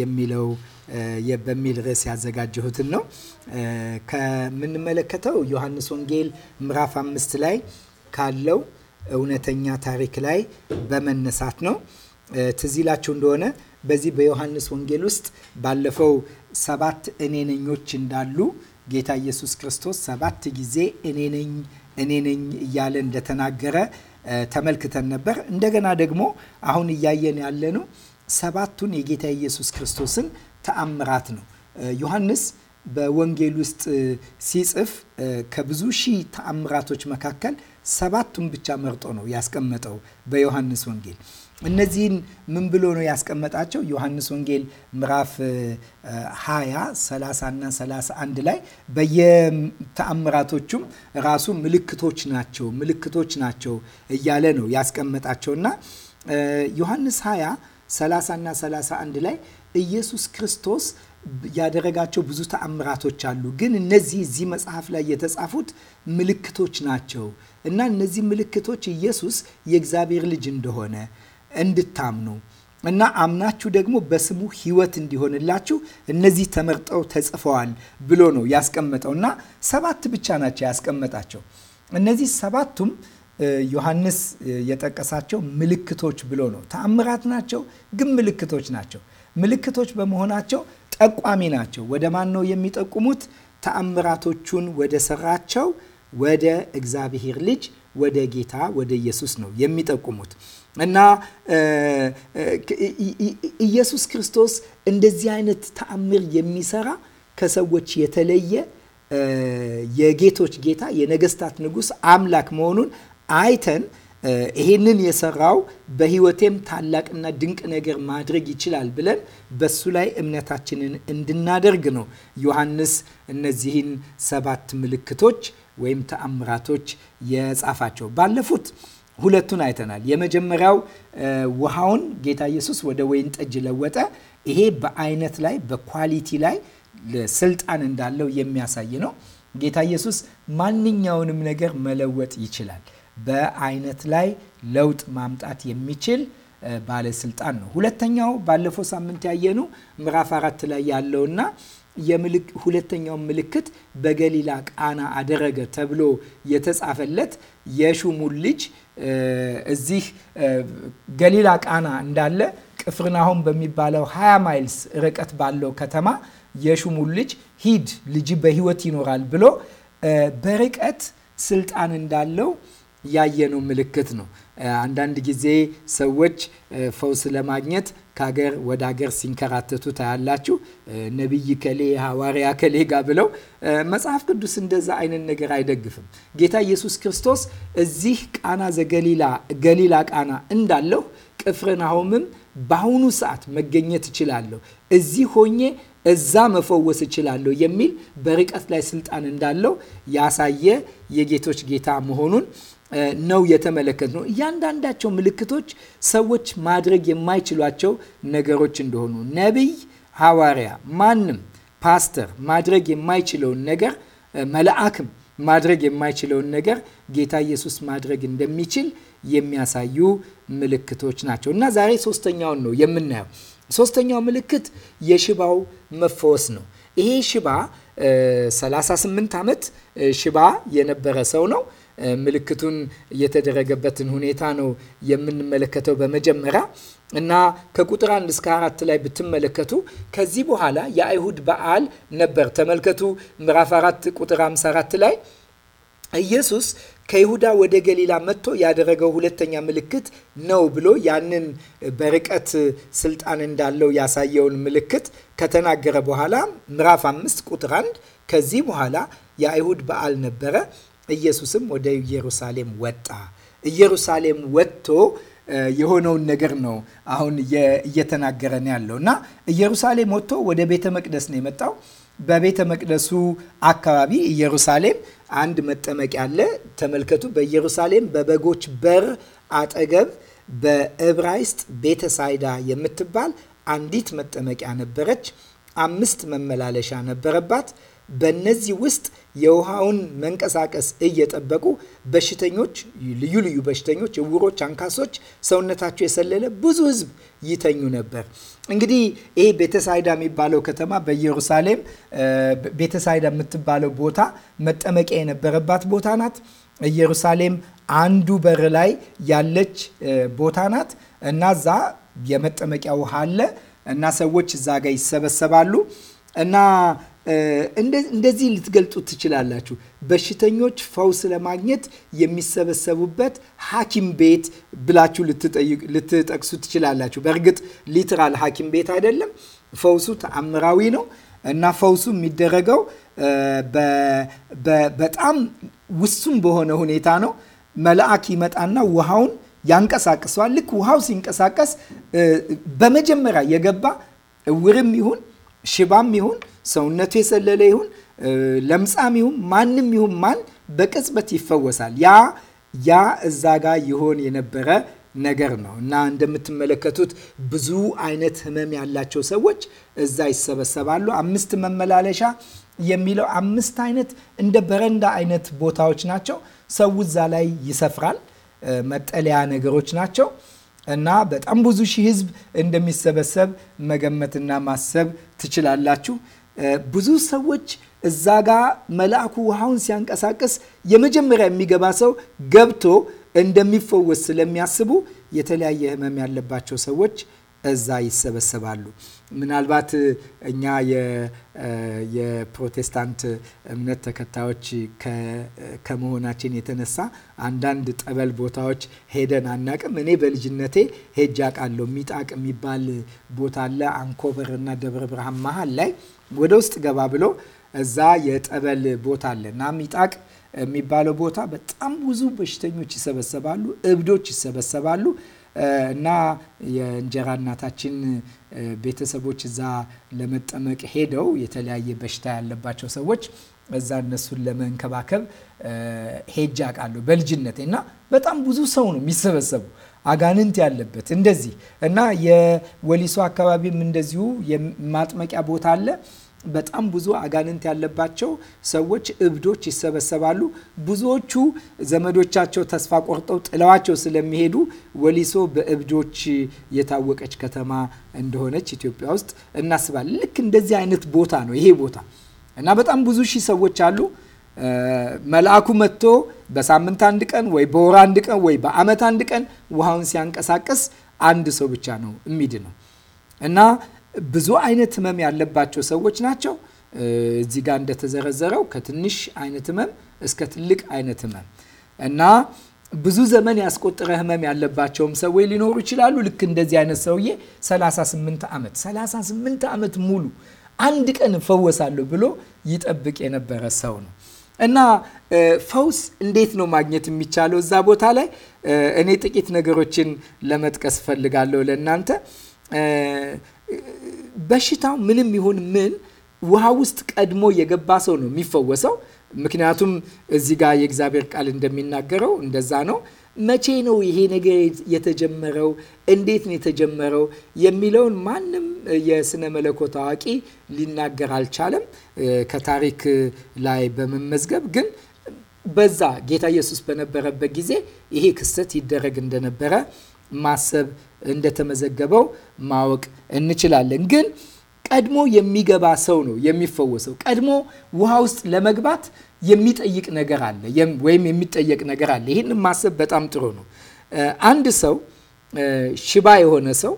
የሚለው በሚል ርዕስ ያዘጋጀሁትን ነው። ከምንመለከተው ዮሐንስ ወንጌል ምዕራፍ አምስት ላይ ካለው እውነተኛ ታሪክ ላይ በመነሳት ነው። ትዝ ይላችሁ እንደሆነ በዚህ በዮሐንስ ወንጌል ውስጥ ባለፈው ሰባት እኔ ነኞች እንዳሉ ጌታ ኢየሱስ ክርስቶስ ሰባት ጊዜ እኔ ነኝ እኔ ነኝ እያለ እንደተናገረ ተመልክተን ነበር። እንደገና ደግሞ አሁን እያየን ያለነው ሰባቱን የጌታ ኢየሱስ ክርስቶስን ተአምራት ነው። ዮሐንስ በወንጌል ውስጥ ሲጽፍ ከብዙ ሺህ ተአምራቶች መካከል ሰባቱን ብቻ መርጦ ነው ያስቀመጠው በዮሐንስ ወንጌል። እነዚህን ምን ብሎ ነው ያስቀመጣቸው? ዮሐንስ ወንጌል ምዕራፍ 20 30 እና 31 ላይ በየተአምራቶቹም ራሱ ምልክቶች ናቸው ምልክቶች ናቸው እያለ ነው ያስቀመጣቸውና ዮሐንስ 20 30 እና 31 ላይ ኢየሱስ ክርስቶስ ያደረጋቸው ብዙ ተአምራቶች አሉ። ግን እነዚህ እዚህ መጽሐፍ ላይ የተጻፉት ምልክቶች ናቸው እና እነዚህ ምልክቶች ኢየሱስ የእግዚአብሔር ልጅ እንደሆነ እንድታምኑ እና አምናችሁ ደግሞ በስሙ ሕይወት እንዲሆንላችሁ እነዚህ ተመርጠው ተጽፈዋል ብሎ ነው ያስቀመጠው እና ሰባት ብቻ ናቸው ያስቀመጣቸው እነዚህ ሰባቱም ዮሐንስ የጠቀሳቸው ምልክቶች ብሎ ነው። ተአምራት ናቸው፣ ግን ምልክቶች ናቸው። ምልክቶች በመሆናቸው ጠቋሚ ናቸው። ወደ ማን ነው የሚጠቁሙት? ተአምራቶቹን ወደ ሰራቸው ወደ እግዚአብሔር ልጅ ወደ ጌታ ወደ ኢየሱስ ነው የሚጠቁሙት እና ኢየሱስ ክርስቶስ እንደዚህ አይነት ተአምር የሚሰራ ከሰዎች የተለየ የጌቶች ጌታ የነገስታት ንጉስ አምላክ መሆኑን አይተን ይሄንን የሰራው በህይወቴም ታላቅና ድንቅ ነገር ማድረግ ይችላል ብለን በሱ ላይ እምነታችንን እንድናደርግ ነው ዮሐንስ እነዚህን ሰባት ምልክቶች ወይም ተአምራቶች የጻፋቸው። ባለፉት ሁለቱን አይተናል። የመጀመሪያው ውሃውን ጌታ ኢየሱስ ወደ ወይን ጠጅ ለወጠ። ይሄ በአይነት ላይ በኳሊቲ ላይ ስልጣን እንዳለው የሚያሳይ ነው። ጌታ ኢየሱስ ማንኛውንም ነገር መለወጥ ይችላል። በአይነት ላይ ለውጥ ማምጣት የሚችል ባለስልጣን ነው። ሁለተኛው ባለፈው ሳምንት ያየኑ ምዕራፍ አራት ላይ ያለውና ሁለተኛውን ምልክት በገሊላ ቃና አደረገ ተብሎ የተጻፈለት የሹሙን ልጅ እዚህ ገሊላ ቃና እንዳለ ቅፍርናሆም በሚባለው 20 ማይልስ ርቀት ባለው ከተማ የሹሙን ልጅ ሂድ ልጅ በህይወት ይኖራል ብሎ በርቀት ስልጣን እንዳለው ያየነው ምልክት ነው። አንዳንድ ጊዜ ሰዎች ፈውስ ለማግኘት ከሀገር ወደ ሀገር ሲንከራተቱ ታያላችሁ። ነቢይ ከሌ ሐዋርያ ከሌ ጋር ብለው መጽሐፍ ቅዱስ እንደዛ አይነት ነገር አይደግፍም። ጌታ ኢየሱስ ክርስቶስ እዚህ ቃና ዘገሊላ ገሊላ ቃና እንዳለው ቅፍርናሆምም በአሁኑ ሰዓት መገኘት እችላለሁ፣ እዚህ ሆኜ እዛ መፈወስ እችላለሁ የሚል በርቀት ላይ ስልጣን እንዳለው ያሳየ የጌቶች ጌታ መሆኑን ነው የተመለከት ነው። እያንዳንዳቸው ምልክቶች ሰዎች ማድረግ የማይችሏቸው ነገሮች እንደሆኑ ነቢይ፣ ሐዋርያ፣ ማንም ፓስተር ማድረግ የማይችለውን ነገር መልአክም ማድረግ የማይችለውን ነገር ጌታ ኢየሱስ ማድረግ እንደሚችል የሚያሳዩ ምልክቶች ናቸው እና ዛሬ ሶስተኛውን ነው የምናየው። ሶስተኛው ምልክት የሽባው መፈወስ ነው። ይሄ ሽባ 38 ዓመት ሽባ የነበረ ሰው ነው። ምልክቱን የተደረገበትን ሁኔታ ነው የምንመለከተው በመጀመሪያ እና ከቁጥር አንድ እስከ አራት ላይ ብትመለከቱ ከዚህ በኋላ የአይሁድ በዓል ነበር። ተመልከቱ ምዕራፍ አራት ቁጥር 54 ላይ ኢየሱስ ከይሁዳ ወደ ገሊላ መጥቶ ያደረገው ሁለተኛ ምልክት ነው ብሎ ያንን በርቀት ስልጣን እንዳለው ያሳየውን ምልክት ከተናገረ በኋላ ምዕራፍ አምስት ቁጥር አንድ ከዚህ በኋላ የአይሁድ በዓል ነበረ ኢየሱስም ወደ ኢየሩሳሌም ወጣ። ኢየሩሳሌም ወጥቶ የሆነውን ነገር ነው አሁን እየተናገረን ያለው እና ኢየሩሳሌም ወጥቶ ወደ ቤተ መቅደስ ነው የመጣው። በቤተ መቅደሱ አካባቢ ኢየሩሳሌም አንድ መጠመቂያ አለ። ተመልከቱ። በኢየሩሳሌም በበጎች በር አጠገብ በዕብራይስጥ ቤተሳይዳ ሳይዳ የምትባል አንዲት መጠመቂያ ነበረች። አምስት መመላለሻ ነበረባት። በእነዚህ ውስጥ የውሃውን መንቀሳቀስ እየጠበቁ በሽተኞች፣ ልዩ ልዩ በሽተኞች፣ እውሮች፣ አንካሶች፣ ሰውነታቸው የሰለለ ብዙ ህዝብ ይተኙ ነበር። እንግዲህ ይሄ ቤተሳይዳ የሚባለው ከተማ በኢየሩሳሌም ቤተሳይዳ የምትባለው ቦታ መጠመቂያ የነበረባት ቦታ ናት። ኢየሩሳሌም አንዱ በር ላይ ያለች ቦታ ናት እና እዛ የመጠመቂያ ውሃ አለ እና ሰዎች እዛ ጋር ይሰበሰባሉ እና እንደዚህ ልትገልጡ ትችላላችሁ። በሽተኞች ፈውስ ለማግኘት የሚሰበሰቡበት ሐኪም ቤት ብላችሁ ልትጠቅሱ ትችላላችሁ። በእርግጥ ሊትራል ሐኪም ቤት አይደለም። ፈውሱ ተአምራዊ ነው እና ፈውሱ የሚደረገው በጣም ውሱን በሆነ ሁኔታ ነው። መልአክ ይመጣና ውሃውን ያንቀሳቅሰዋል። ልክ ውሃው ሲንቀሳቀስ በመጀመሪያ የገባ እውርም ይሁን ሽባም ይሁን ሰውነቱ የሰለለ ይሁን ለምጻም ይሁን ማንም ይሁን ማን በቅጽበት ይፈወሳል። ያ ያ እዛ ጋር ይሆን የነበረ ነገር ነው እና እንደምትመለከቱት ብዙ አይነት ህመም ያላቸው ሰዎች እዛ ይሰበሰባሉ። አምስት መመላለሻ የሚለው አምስት አይነት እንደ በረንዳ አይነት ቦታዎች ናቸው። ሰው እዛ ላይ ይሰፍራል። መጠለያ ነገሮች ናቸው። እና በጣም ብዙ ሺህ ህዝብ እንደሚሰበሰብ መገመትና ማሰብ ትችላላችሁ። ብዙ ሰዎች እዛ ጋ መልአኩ ውሃውን ሲያንቀሳቅስ የመጀመሪያ የሚገባ ሰው ገብቶ እንደሚፈወስ ስለሚያስቡ የተለያየ ህመም ያለባቸው ሰዎች እዛ ይሰበሰባሉ። ምናልባት እኛ የፕሮቴስታንት እምነት ተከታዮች ከመሆናችን የተነሳ አንዳንድ ጠበል ቦታዎች ሄደን አናቅም። እኔ በልጅነቴ ሄጃ አውቃለሁ። ሚጣቅ የሚባል ቦታ አለ አንኮበር እና ደብረ ብርሃን መሀል ላይ ወደ ውስጥ ገባ ብሎ እዛ የጠበል ቦታ አለ እና ሚጣቅ የሚባለው ቦታ በጣም ብዙ በሽተኞች ይሰበሰባሉ፣ እብዶች ይሰበሰባሉ እና የእንጀራ እናታችን ቤተሰቦች እዛ ለመጠመቅ ሄደው የተለያየ በሽታ ያለባቸው ሰዎች እዛ እነሱን ለመንከባከብ ሄጃ አውቃለሁ በልጅነት እና በጣም ብዙ ሰው ነው የሚሰበሰቡ አጋንንት ያለበት እንደዚህ እና የወሊሶ አካባቢም እንደዚሁ የማጥመቂያ ቦታ አለ በጣም ብዙ አጋንንት ያለባቸው ሰዎች እብዶች ይሰበሰባሉ። ብዙዎቹ ዘመዶቻቸው ተስፋ ቆርጠው ጥለዋቸው ስለሚሄዱ ወሊሶ በእብዶች የታወቀች ከተማ እንደሆነች ኢትዮጵያ ውስጥ እናስባለን። ልክ እንደዚህ አይነት ቦታ ነው ይሄ ቦታ እና በጣም ብዙ ሺህ ሰዎች አሉ። መልአኩ መጥቶ በሳምንት አንድ ቀን ወይ በወር አንድ ቀን ወይ በዓመት አንድ ቀን ውሃውን ሲያንቀሳቀስ አንድ ሰው ብቻ ነው የሚድ ነው እና ብዙ አይነት ህመም ያለባቸው ሰዎች ናቸው። እዚህ ጋር እንደተዘረዘረው ከትንሽ አይነት ህመም እስከ ትልቅ አይነት ህመም እና ብዙ ዘመን ያስቆጠረ ህመም ያለባቸውም ሰዎች ሊኖሩ ይችላሉ። ልክ እንደዚህ አይነት ሰውዬ 38 ዓመት 38 ዓመት ሙሉ አንድ ቀን እፈወሳለሁ ብሎ ይጠብቅ የነበረ ሰው ነው እና ፈውስ እንዴት ነው ማግኘት የሚቻለው? እዛ ቦታ ላይ እኔ ጥቂት ነገሮችን ለመጥቀስ እፈልጋለሁ ለእናንተ በሽታው ምንም ይሁን ምን ውሃ ውስጥ ቀድሞ የገባ ሰው ነው የሚፈወሰው። ምክንያቱም እዚህ ጋር የእግዚአብሔር ቃል እንደሚናገረው እንደዛ ነው። መቼ ነው ይሄ ነገር የተጀመረው? እንዴት ነው የተጀመረው? የሚለውን ማንም የስነ መለኮት አዋቂ ሊናገር አልቻለም ከታሪክ ላይ በመመዝገብ ግን በዛ ጌታ ኢየሱስ በነበረበት ጊዜ ይሄ ክስተት ይደረግ እንደነበረ ማሰብ እንደተመዘገበው ማወቅ እንችላለን። ግን ቀድሞ የሚገባ ሰው ነው የሚፈወሰው። ቀድሞ ውሃ ውስጥ ለመግባት የሚጠይቅ ነገር አለ ወይም የሚጠየቅ ነገር አለ። ይህን ማሰብ በጣም ጥሩ ነው። አንድ ሰው ሽባ የሆነ ሰው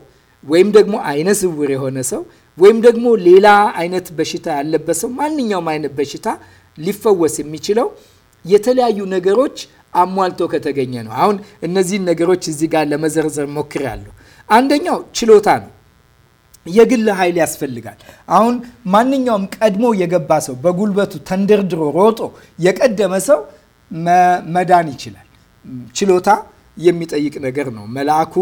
ወይም ደግሞ አይነ ስውር የሆነ ሰው ወይም ደግሞ ሌላ አይነት በሽታ ያለበት ሰው ማንኛውም አይነት በሽታ ሊፈወስ የሚችለው የተለያዩ ነገሮች አሟልቶ ከተገኘ ነው። አሁን እነዚህን ነገሮች እዚህ ጋር ለመዘርዘር ሞክሬያለሁ። አንደኛው ችሎታ ነው። የግል ኃይል ያስፈልጋል። አሁን ማንኛውም ቀድሞ የገባ ሰው በጉልበቱ ተንደርድሮ ሮጦ የቀደመ ሰው መዳን ይችላል። ችሎታ የሚጠይቅ ነገር ነው። መልአኩ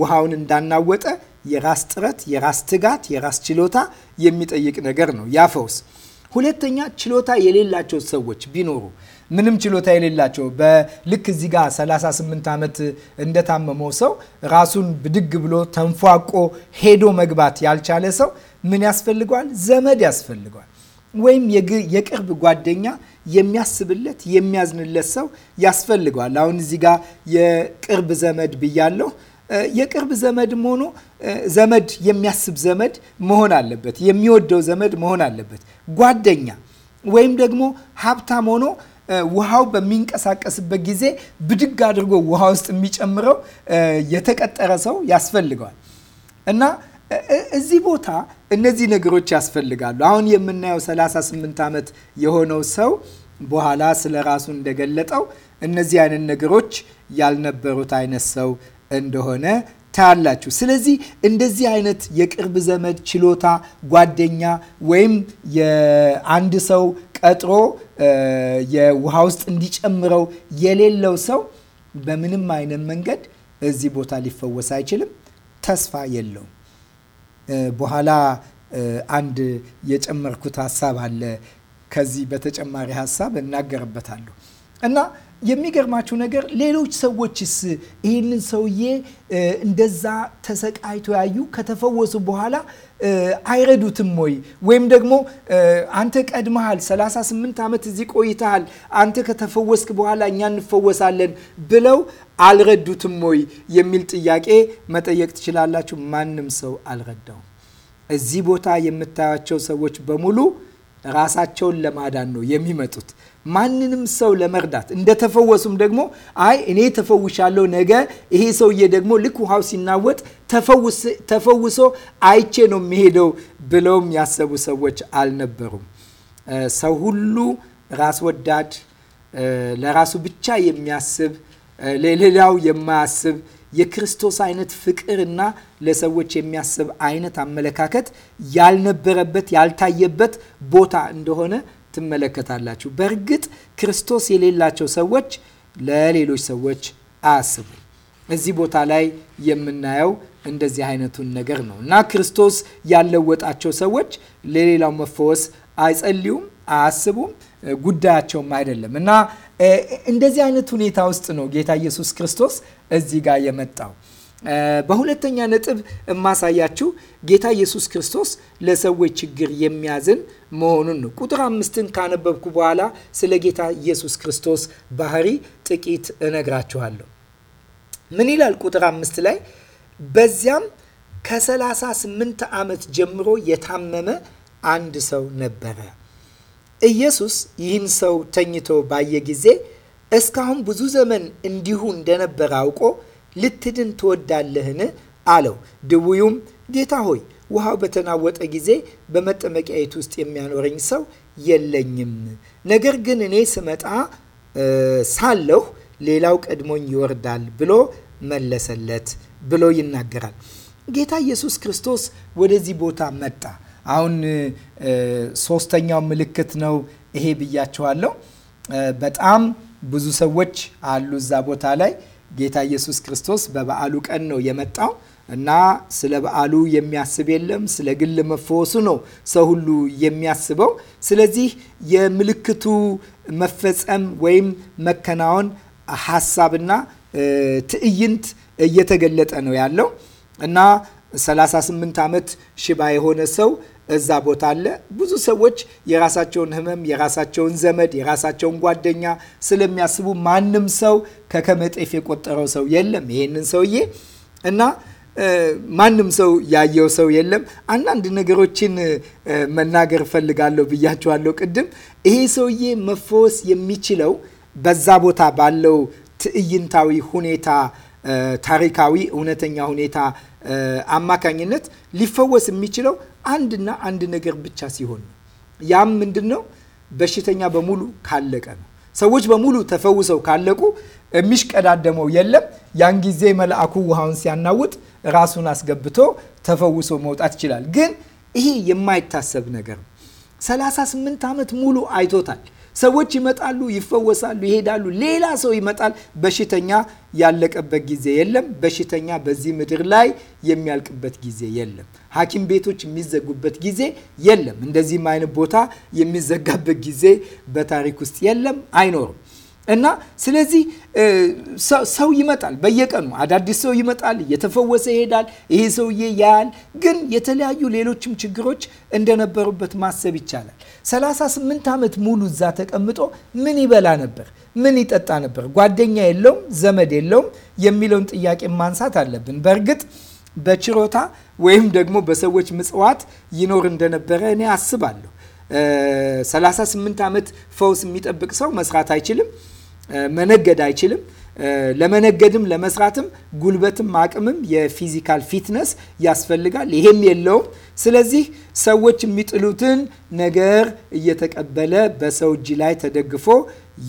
ውሃውን እንዳናወጠ የራስ ጥረት፣ የራስ ትጋት፣ የራስ ችሎታ የሚጠይቅ ነገር ነው ያ ፈውስ። ሁለተኛ ችሎታ የሌላቸው ሰዎች ቢኖሩ ምንም ችሎታ የሌላቸው በልክ እዚህ ጋር 38 ዓመት እንደታመመው ሰው ራሱን ብድግ ብሎ ተንፏቆ ሄዶ መግባት ያልቻለ ሰው ምን ያስፈልገዋል? ዘመድ ያስፈልገዋል። ወይም የቅርብ ጓደኛ የሚያስብለት የሚያዝንለት ሰው ያስፈልገዋል። አሁን እዚህ ጋር የቅርብ ዘመድ ብያለሁ። የቅርብ ዘመድም ሆኖ ዘመድ የሚያስብ ዘመድ መሆን አለበት። የሚወደው ዘመድ መሆን አለበት። ጓደኛ ወይም ደግሞ ሀብታም ሆኖ ውሃው በሚንቀሳቀስበት ጊዜ ብድግ አድርጎ ውሃ ውስጥ የሚጨምረው የተቀጠረ ሰው ያስፈልገዋል እና እዚህ ቦታ እነዚህ ነገሮች ያስፈልጋሉ። አሁን የምናየው 38 ዓመት የሆነው ሰው በኋላ ስለ ራሱ እንደገለጠው እነዚህ አይነት ነገሮች ያልነበሩት አይነት ሰው እንደሆነ ታያላችሁ። ስለዚህ እንደዚህ አይነት የቅርብ ዘመድ ችሎታ፣ ጓደኛ ወይም የአንድ ሰው ቀጥሮ የውሃ ውስጥ እንዲጨምረው የሌለው ሰው በምንም አይነት መንገድ እዚህ ቦታ ሊፈወስ አይችልም። ተስፋ የለውም። በኋላ አንድ የጨመርኩት ሀሳብ አለ። ከዚህ በተጨማሪ ሀሳብ እናገርበታለሁ እና የሚገርማችሁ ነገር ሌሎች ሰዎችስ ይህንን ሰውዬ እንደዛ ተሰቃይቶ ያዩ ከተፈወሱ በኋላ አይረዱትም ወይ? ወይም ደግሞ አንተ ቀድመሃል፣ 38 ዓመት እዚህ ቆይተሃል፣ አንተ ከተፈወስክ በኋላ እኛ እንፈወሳለን ብለው አልረዱትም ወይ የሚል ጥያቄ መጠየቅ ትችላላችሁ። ማንም ሰው አልረዳውም። እዚህ ቦታ የምታያቸው ሰዎች በሙሉ ራሳቸውን ለማዳን ነው የሚመጡት። ማንንም ሰው ለመርዳት እንደተፈወሱም ደግሞ አይ እኔ ተፈውሻለሁ፣ ነገ ይሄ ሰውዬ ደግሞ ልክ ውሃው ሲናወጥ ተፈውሶ አይቼ ነው የሚሄደው ብለውም ያሰቡ ሰዎች አልነበሩም። ሰው ሁሉ ራስ ወዳድ፣ ለራሱ ብቻ የሚያስብ ለሌላው የማያስብ የክርስቶስ አይነት ፍቅር እና ለሰዎች የሚያስብ አይነት አመለካከት ያልነበረበት ያልታየበት ቦታ እንደሆነ ትመለከታላችሁ። በእርግጥ ክርስቶስ የሌላቸው ሰዎች ለሌሎች ሰዎች አያስቡም። እዚህ ቦታ ላይ የምናየው እንደዚህ አይነቱን ነገር ነው እና ክርስቶስ ያለወጣቸው ሰዎች ለሌላው መፈወስ አይጸልዩም፣ አያስቡም፣ ጉዳያቸውም አይደለም እና እንደዚህ አይነት ሁኔታ ውስጥ ነው ጌታ ኢየሱስ ክርስቶስ እዚህ ጋር የመጣው በሁለተኛ ነጥብ የማሳያችሁ ጌታ ኢየሱስ ክርስቶስ ለሰዎች ችግር የሚያዝን መሆኑን ነው። ቁጥር አምስትን ካነበብኩ በኋላ ስለ ጌታ ኢየሱስ ክርስቶስ ባህሪ ጥቂት እነግራችኋለሁ። ምን ይላል? ቁጥር አምስት ላይ በዚያም ከ38 ዓመት ጀምሮ የታመመ አንድ ሰው ነበረ። ኢየሱስ ይህን ሰው ተኝቶ ባየ ጊዜ እስካሁን ብዙ ዘመን እንዲሁ እንደነበረ አውቆ ልትድን ትወዳለህን አለው። ድውዩም ጌታ ሆይ ውሃው በተናወጠ ጊዜ በመጠመቂያየት ውስጥ የሚያኖረኝ ሰው የለኝም። ነገር ግን እኔ ስመጣ ሳለሁ ሌላው ቀድሞኝ ይወርዳል ብሎ መለሰለት ብሎ ይናገራል። ጌታ ኢየሱስ ክርስቶስ ወደዚህ ቦታ መጣ። አሁን ሶስተኛው ምልክት ነው ይሄ ብያቸዋለው በጣም ብዙ ሰዎች አሉ እዛ ቦታ ላይ ጌታ ኢየሱስ ክርስቶስ በበዓሉ ቀን ነው የመጣው እና ስለ በዓሉ የሚያስብ የለም። ስለ ግል መፈወሱ ነው ሰው ሁሉ የሚያስበው። ስለዚህ የምልክቱ መፈጸም ወይም መከናወን ሀሳብና ትዕይንት እየተገለጠ ነው ያለው እና 38 ዓመት ሽባ የሆነ ሰው እዛ ቦታ አለ። ብዙ ሰዎች የራሳቸውን ህመም፣ የራሳቸውን ዘመድ፣ የራሳቸውን ጓደኛ ስለሚያስቡ ማንም ሰው ከከመጤፍ የቆጠረው ሰው የለም ይሄንን ሰውዬ እና ማንም ሰው ያየው ሰው የለም። አንዳንድ ነገሮችን መናገር እፈልጋለሁ ብያቸዋለሁ ቅድም። ይሄ ሰውዬ መፈወስ የሚችለው በዛ ቦታ ባለው ትዕይንታዊ ሁኔታ፣ ታሪካዊ እውነተኛ ሁኔታ አማካኝነት ሊፈወስ የሚችለው አንድና አንድ ነገር ብቻ ሲሆን ነው። ያም ምንድን ነው? በሽተኛ በሙሉ ካለቀ ነው። ሰዎች በሙሉ ተፈውሰው ካለቁ የሚሽቀዳደመው የለም። ያን ጊዜ መልአኩ ውሃውን ሲያናውጥ ራሱን አስገብቶ ተፈውሶ መውጣት ይችላል። ግን ይሄ የማይታሰብ ነገር ነው። 38 ዓመት ሙሉ አይቶታል። ሰዎች ይመጣሉ፣ ይፈወሳሉ፣ ይሄዳሉ። ሌላ ሰው ይመጣል። በሽተኛ ያለቀበት ጊዜ የለም። በሽተኛ በዚህ ምድር ላይ የሚያልቅበት ጊዜ የለም። ሐኪም ቤቶች የሚዘጉበት ጊዜ የለም። እንደዚህም አይነት ቦታ የሚዘጋበት ጊዜ በታሪክ ውስጥ የለም፣ አይኖርም። እና ስለዚህ ሰው ይመጣል፣ በየቀኑ አዳዲስ ሰው ይመጣል፣ እየተፈወሰ ይሄዳል፣ ይሄ ሰውዬ ያያል። ግን የተለያዩ ሌሎችም ችግሮች እንደነበሩበት ማሰብ ይቻላል። 38 ዓመት ሙሉ እዛ ተቀምጦ ምን ይበላ ነበር? ምን ይጠጣ ነበር? ጓደኛ የለውም፣ ዘመድ የለውም የሚለውን ጥያቄ ማንሳት አለብን። በእርግጥ በችሮታ ወይም ደግሞ በሰዎች ምጽዋት ይኖር እንደነበረ እኔ አስባለሁ። 38 ዓመት ፈውስ የሚጠብቅ ሰው መስራት አይችልም። መነገድ አይችልም። ለመነገድም ለመስራትም ጉልበትም አቅምም የፊዚካል ፊትነስ ያስፈልጋል። ይሄም የለውም። ስለዚህ ሰዎች የሚጥሉትን ነገር እየተቀበለ በሰው እጅ ላይ ተደግፎ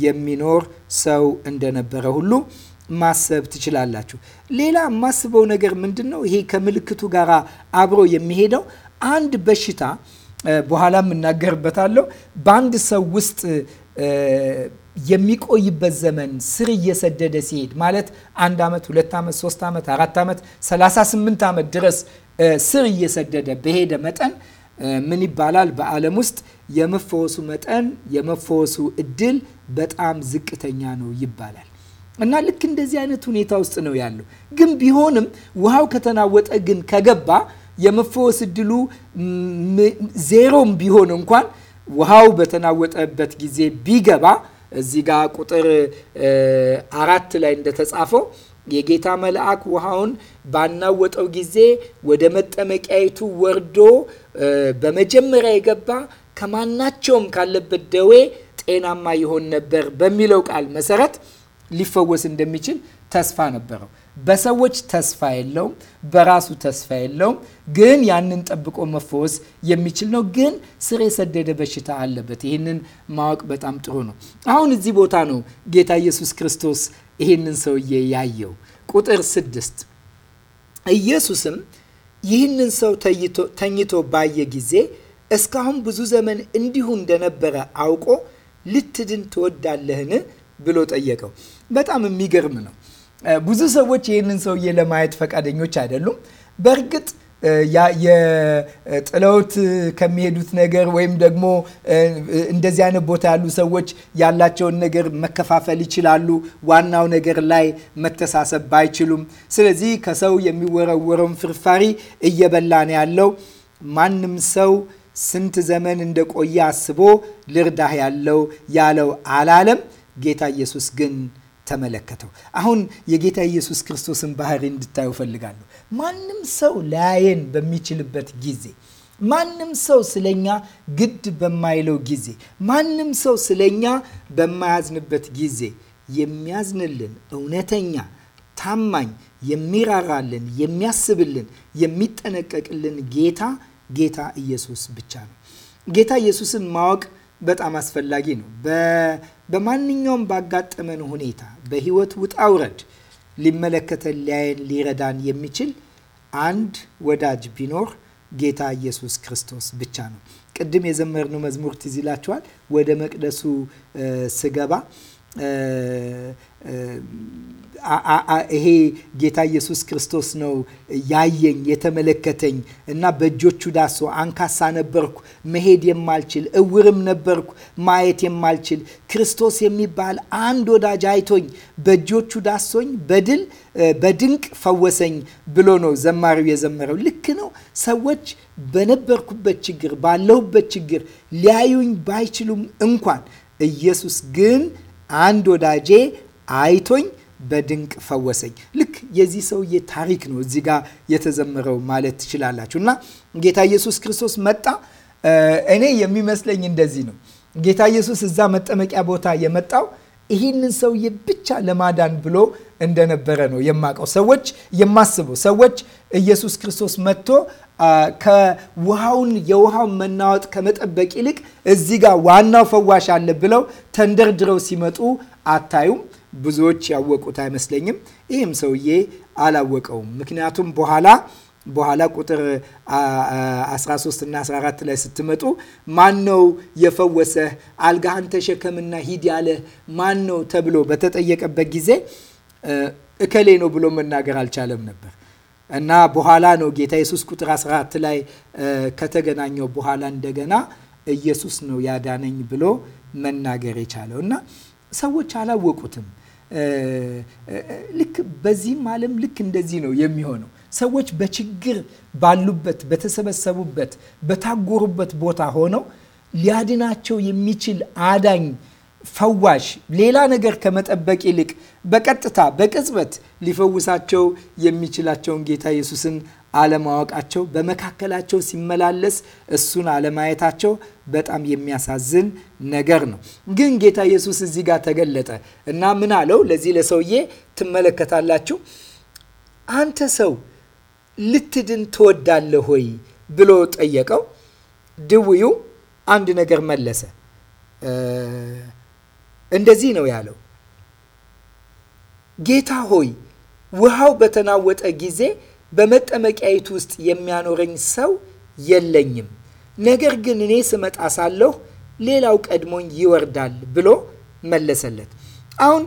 የሚኖር ሰው እንደነበረ ሁሉ ማሰብ ትችላላችሁ። ሌላ የማስበው ነገር ምንድን ነው? ይሄ ከምልክቱ ጋር አብሮ የሚሄደው አንድ በሽታ በኋላ የምናገርበታለሁ በአንድ ሰው ውስጥ የሚቆይበት ዘመን ስር እየሰደደ ሲሄድ ማለት አንድ ዓመት፣ ሁለት ዓመት፣ ሶስት ዓመት፣ አራት ዓመት፣ 38 ዓመት ድረስ ስር እየሰደደ በሄደ መጠን ምን ይባላል? በዓለም ውስጥ የመፈወሱ መጠን የመፈወሱ እድል በጣም ዝቅተኛ ነው ይባላል። እና ልክ እንደዚህ አይነት ሁኔታ ውስጥ ነው ያለው። ግን ቢሆንም ውሃው ከተናወጠ ግን ከገባ የመፈወስ እድሉ ዜሮም ቢሆን እንኳን ውሃው በተናወጠበት ጊዜ ቢገባ እዚህ ጋር ቁጥር አራት ላይ እንደተጻፈው የጌታ መልአክ ውሃውን ባናወጠው ጊዜ ወደ መጠመቂያይቱ ወርዶ በመጀመሪያ የገባ ከማናቸውም ካለበት ደዌ ጤናማ ይሆን ነበር በሚለው ቃል መሰረት ሊፈወስ እንደሚችል ተስፋ ነበረው። በሰዎች ተስፋ የለውም፣ በራሱ ተስፋ የለውም። ግን ያንን ጠብቆ መፈወስ የሚችል ነው። ግን ስር የሰደደ በሽታ አለበት። ይህንን ማወቅ በጣም ጥሩ ነው። አሁን እዚህ ቦታ ነው ጌታ ኢየሱስ ክርስቶስ ይህንን ሰውዬ ያየው። ቁጥር ስድስት ኢየሱስም ይህንን ሰው ተኝቶ ባየ ጊዜ እስካሁን ብዙ ዘመን እንዲሁ እንደነበረ አውቆ ልትድን ትወዳለህን ብሎ ጠየቀው። በጣም የሚገርም ነው። ብዙ ሰዎች ይህንን ሰውዬ ለማየት ፈቃደኞች አይደሉም። በእርግጥ የጥለውት ከሚሄዱት ነገር ወይም ደግሞ እንደዚህ አይነት ቦታ ያሉ ሰዎች ያላቸውን ነገር መከፋፈል ይችላሉ። ዋናው ነገር ላይ መተሳሰብ ባይችሉም፣ ስለዚህ ከሰው የሚወረወረውን ፍርፋሪ እየበላ ነው ያለው። ማንም ሰው ስንት ዘመን እንደቆየ አስቦ ልርዳህ ያለው ያለው አላለም። ጌታ ኢየሱስ ግን ተመለከተው። አሁን የጌታ ኢየሱስ ክርስቶስን ባህሪ እንድታዩ ፈልጋለሁ። ማንም ሰው ላያየን በሚችልበት ጊዜ፣ ማንም ሰው ስለኛ ግድ በማይለው ጊዜ፣ ማንም ሰው ስለኛ በማያዝንበት ጊዜ የሚያዝንልን እውነተኛ ታማኝ የሚራራልን የሚያስብልን የሚጠነቀቅልን ጌታ ጌታ ኢየሱስ ብቻ ነው። ጌታ ኢየሱስን ማወቅ በጣም አስፈላጊ ነው። በማንኛውም ባጋጠመን ሁኔታ በህይወት ውጣ ውረድ ሊመለከተን፣ ሊያየን፣ ሊረዳን የሚችል አንድ ወዳጅ ቢኖር ጌታ ኢየሱስ ክርስቶስ ብቻ ነው። ቅድም የዘመርነው መዝሙር ትዝ ይላችኋል። ወደ መቅደሱ ስገባ ይሄ ጌታ ኢየሱስ ክርስቶስ ነው ያየኝ የተመለከተኝ እና በእጆቹ ዳሶ አንካሳ ነበርኩ፣ መሄድ የማልችል እውርም ነበርኩ፣ ማየት የማልችል ክርስቶስ የሚባል አንድ ወዳጅ አይቶኝ በእጆቹ ዳሶኝ በድል በድንቅ ፈወሰኝ ብሎ ነው ዘማሪው የዘመረው። ልክ ነው። ሰዎች በነበርኩበት ችግር ባለሁበት ችግር ሊያዩኝ ባይችሉም እንኳን ኢየሱስ ግን አንድ ወዳጄ አይቶኝ በድንቅ ፈወሰኝ። ልክ የዚህ ሰውዬ ታሪክ ነው እዚህ ጋር የተዘመረው ማለት ትችላላችሁ። እና ጌታ ኢየሱስ ክርስቶስ መጣ። እኔ የሚመስለኝ እንደዚህ ነው። ጌታ ኢየሱስ እዛ መጠመቂያ ቦታ የመጣው ይህንን ሰውዬ ብቻ ለማዳን ብሎ እንደነበረ ነው የማውቀው። ሰዎች የማስበው ሰዎች ኢየሱስ ክርስቶስ መጥቶ ከውሃውን የውሃውን መናወጥ ከመጠበቅ ይልቅ እዚህ ጋር ዋናው ፈዋሽ አለ ብለው ተንደርድረው ሲመጡ አታዩም። ብዙዎች ያወቁት አይመስለኝም። ይህም ሰውዬ አላወቀውም። ምክንያቱም በኋላ በኋላ ቁጥር 13 እና 14 ላይ ስትመጡ ማን ነው የፈወሰህ? አልጋህን ተሸከምና ሂድ ያለህ ማን ነው ተብሎ በተጠየቀበት ጊዜ እከሌ ነው ብሎ መናገር አልቻለም ነበር እና በኋላ ነው ጌታ ኢየሱስ ቁጥር 14 ላይ ከተገናኘው በኋላ እንደገና ኢየሱስ ነው ያዳነኝ ብሎ መናገር የቻለው እና ሰዎች አላወቁትም። ልክ በዚህም ዓለም ልክ እንደዚህ ነው የሚሆነው። ሰዎች በችግር ባሉበት፣ በተሰበሰቡበት፣ በታጎሩበት ቦታ ሆነው ሊያድናቸው የሚችል አዳኝ ፈዋሽ ሌላ ነገር ከመጠበቅ ይልቅ በቀጥታ በቅጽበት ሊፈውሳቸው የሚችላቸውን ጌታ ኢየሱስን አለማወቃቸው፣ በመካከላቸው ሲመላለስ እሱን አለማየታቸው በጣም የሚያሳዝን ነገር ነው። ግን ጌታ ኢየሱስ እዚህ ጋር ተገለጠ እና ምን አለው? ለዚህ ለሰውዬ ትመለከታላችሁ፣ አንተ ሰው ልትድን ትወዳለህ ሆይ ብሎ ጠየቀው። ድውዩ አንድ ነገር መለሰ። እንደዚህ ነው ያለው፣ ጌታ ሆይ ውሃው በተናወጠ ጊዜ በመጠመቂያይቱ ውስጥ የሚያኖረኝ ሰው የለኝም። ነገር ግን እኔ ስመጣ ሳለሁ ሌላው ቀድሞኝ ይወርዳል ብሎ መለሰለት። አሁን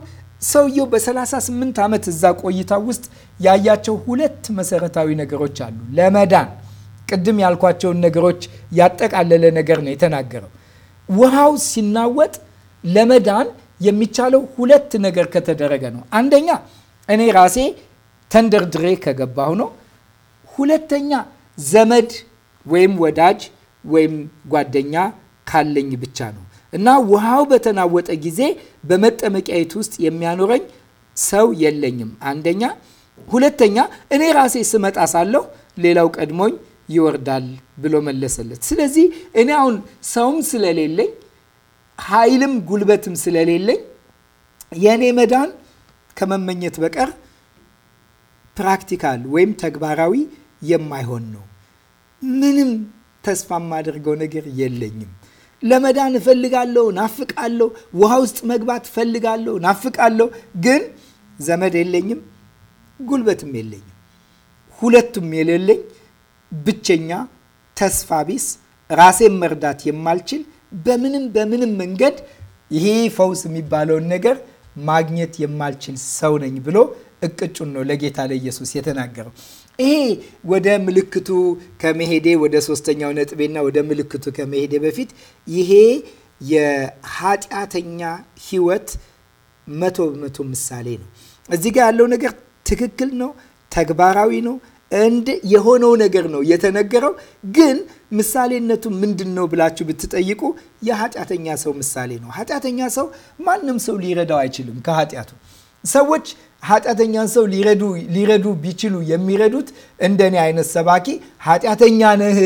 ሰውየው በ38 ዓመት እዛ ቆይታ ውስጥ ያያቸው ሁለት መሰረታዊ ነገሮች አሉ። ለመዳን ቅድም ያልኳቸውን ነገሮች ያጠቃለለ ነገር ነው የተናገረው። ውሃው ሲናወጥ ለመዳን የሚቻለው ሁለት ነገር ከተደረገ ነው። አንደኛ እኔ ራሴ ተንደርድሬ ከገባሁ ነው። ሁለተኛ ዘመድ ወይም ወዳጅ ወይም ጓደኛ ካለኝ ብቻ ነው እና ውሃው በተናወጠ ጊዜ በመጠመቂያዊት ውስጥ የሚያኖረኝ ሰው የለኝም። አንደኛ። ሁለተኛ እኔ ራሴ ስመጣ ሳለሁ ሌላው ቀድሞኝ ይወርዳል ብሎ መለሰለት። ስለዚህ እኔ አሁን ሰውም ስለሌለኝ ኃይልም ጉልበትም ስለሌለኝ የእኔ መዳን ከመመኘት በቀር ፕራክቲካል ወይም ተግባራዊ የማይሆን ነው። ምንም ተስፋ የማደርገው ነገር የለኝም። ለመዳን እፈልጋለሁ፣ ናፍቃለሁ። ውሃ ውስጥ መግባት እፈልጋለሁ፣ ናፍቃለሁ። ግን ዘመድ የለኝም፣ ጉልበትም የለኝም። ሁለቱም የሌለኝ ብቸኛ ተስፋ ቢስ ራሴን መርዳት የማልችል በምንም በምንም መንገድ ይሄ ፈውስ የሚባለውን ነገር ማግኘት የማልችል ሰው ነኝ ብሎ እቅጩን ነው ለጌታ ለኢየሱስ የተናገረው። ይሄ ወደ ምልክቱ ከመሄዴ ወደ ሶስተኛው ነጥቤና ወደ ምልክቱ ከመሄዴ በፊት ይሄ የኃጢአተኛ ህይወት መቶ በመቶ ምሳሌ ነው። እዚህ ጋር ያለው ነገር ትክክል ነው፣ ተግባራዊ ነው፣ እንድ የሆነው ነገር ነው የተነገረው። ግን ምሳሌነቱ ምንድን ነው ብላችሁ ብትጠይቁ የኃጢአተኛ ሰው ምሳሌ ነው። ኃጢአተኛ ሰው ማንም ሰው ሊረዳው አይችልም ከኃጢአቱ። ሰዎች ኃጢአተኛን ሰው ሊረዱ ቢችሉ የሚረዱት እንደኔ አይነት ሰባኪ ኃጢአተኛ ነህ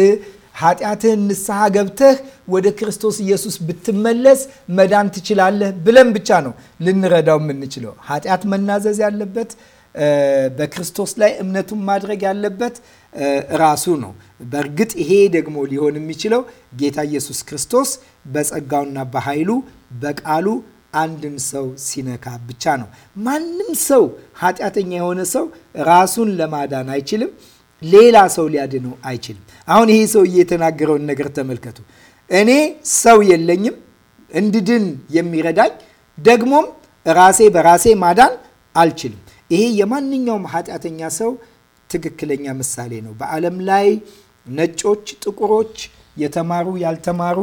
ኃጢአትህን ንስሐ ገብተህ ወደ ክርስቶስ ኢየሱስ ብትመለስ መዳን ትችላለህ ብለን ብቻ ነው ልንረዳው የምንችለው። ኃጢአት መናዘዝ ያለበት በክርስቶስ ላይ እምነቱን ማድረግ ያለበት ራሱ ነው። በእርግጥ ይሄ ደግሞ ሊሆን የሚችለው ጌታ ኢየሱስ ክርስቶስ በጸጋውና በኃይሉ በቃሉ አንድን ሰው ሲነካ ብቻ ነው። ማንም ሰው ኃጢአተኛ የሆነ ሰው ራሱን ለማዳን አይችልም። ሌላ ሰው ሊያድነው አይችልም። አሁን ይሄ ሰውዬ የተናገረውን ነገር ተመልከቱ። እኔ ሰው የለኝም እንድድን የሚረዳኝ ደግሞም ራሴ በራሴ ማዳን አልችልም። ይሄ የማንኛውም ኃጢአተኛ ሰው ትክክለኛ ምሳሌ ነው። በዓለም ላይ ነጮች፣ ጥቁሮች፣ የተማሩ፣ ያልተማሩ፣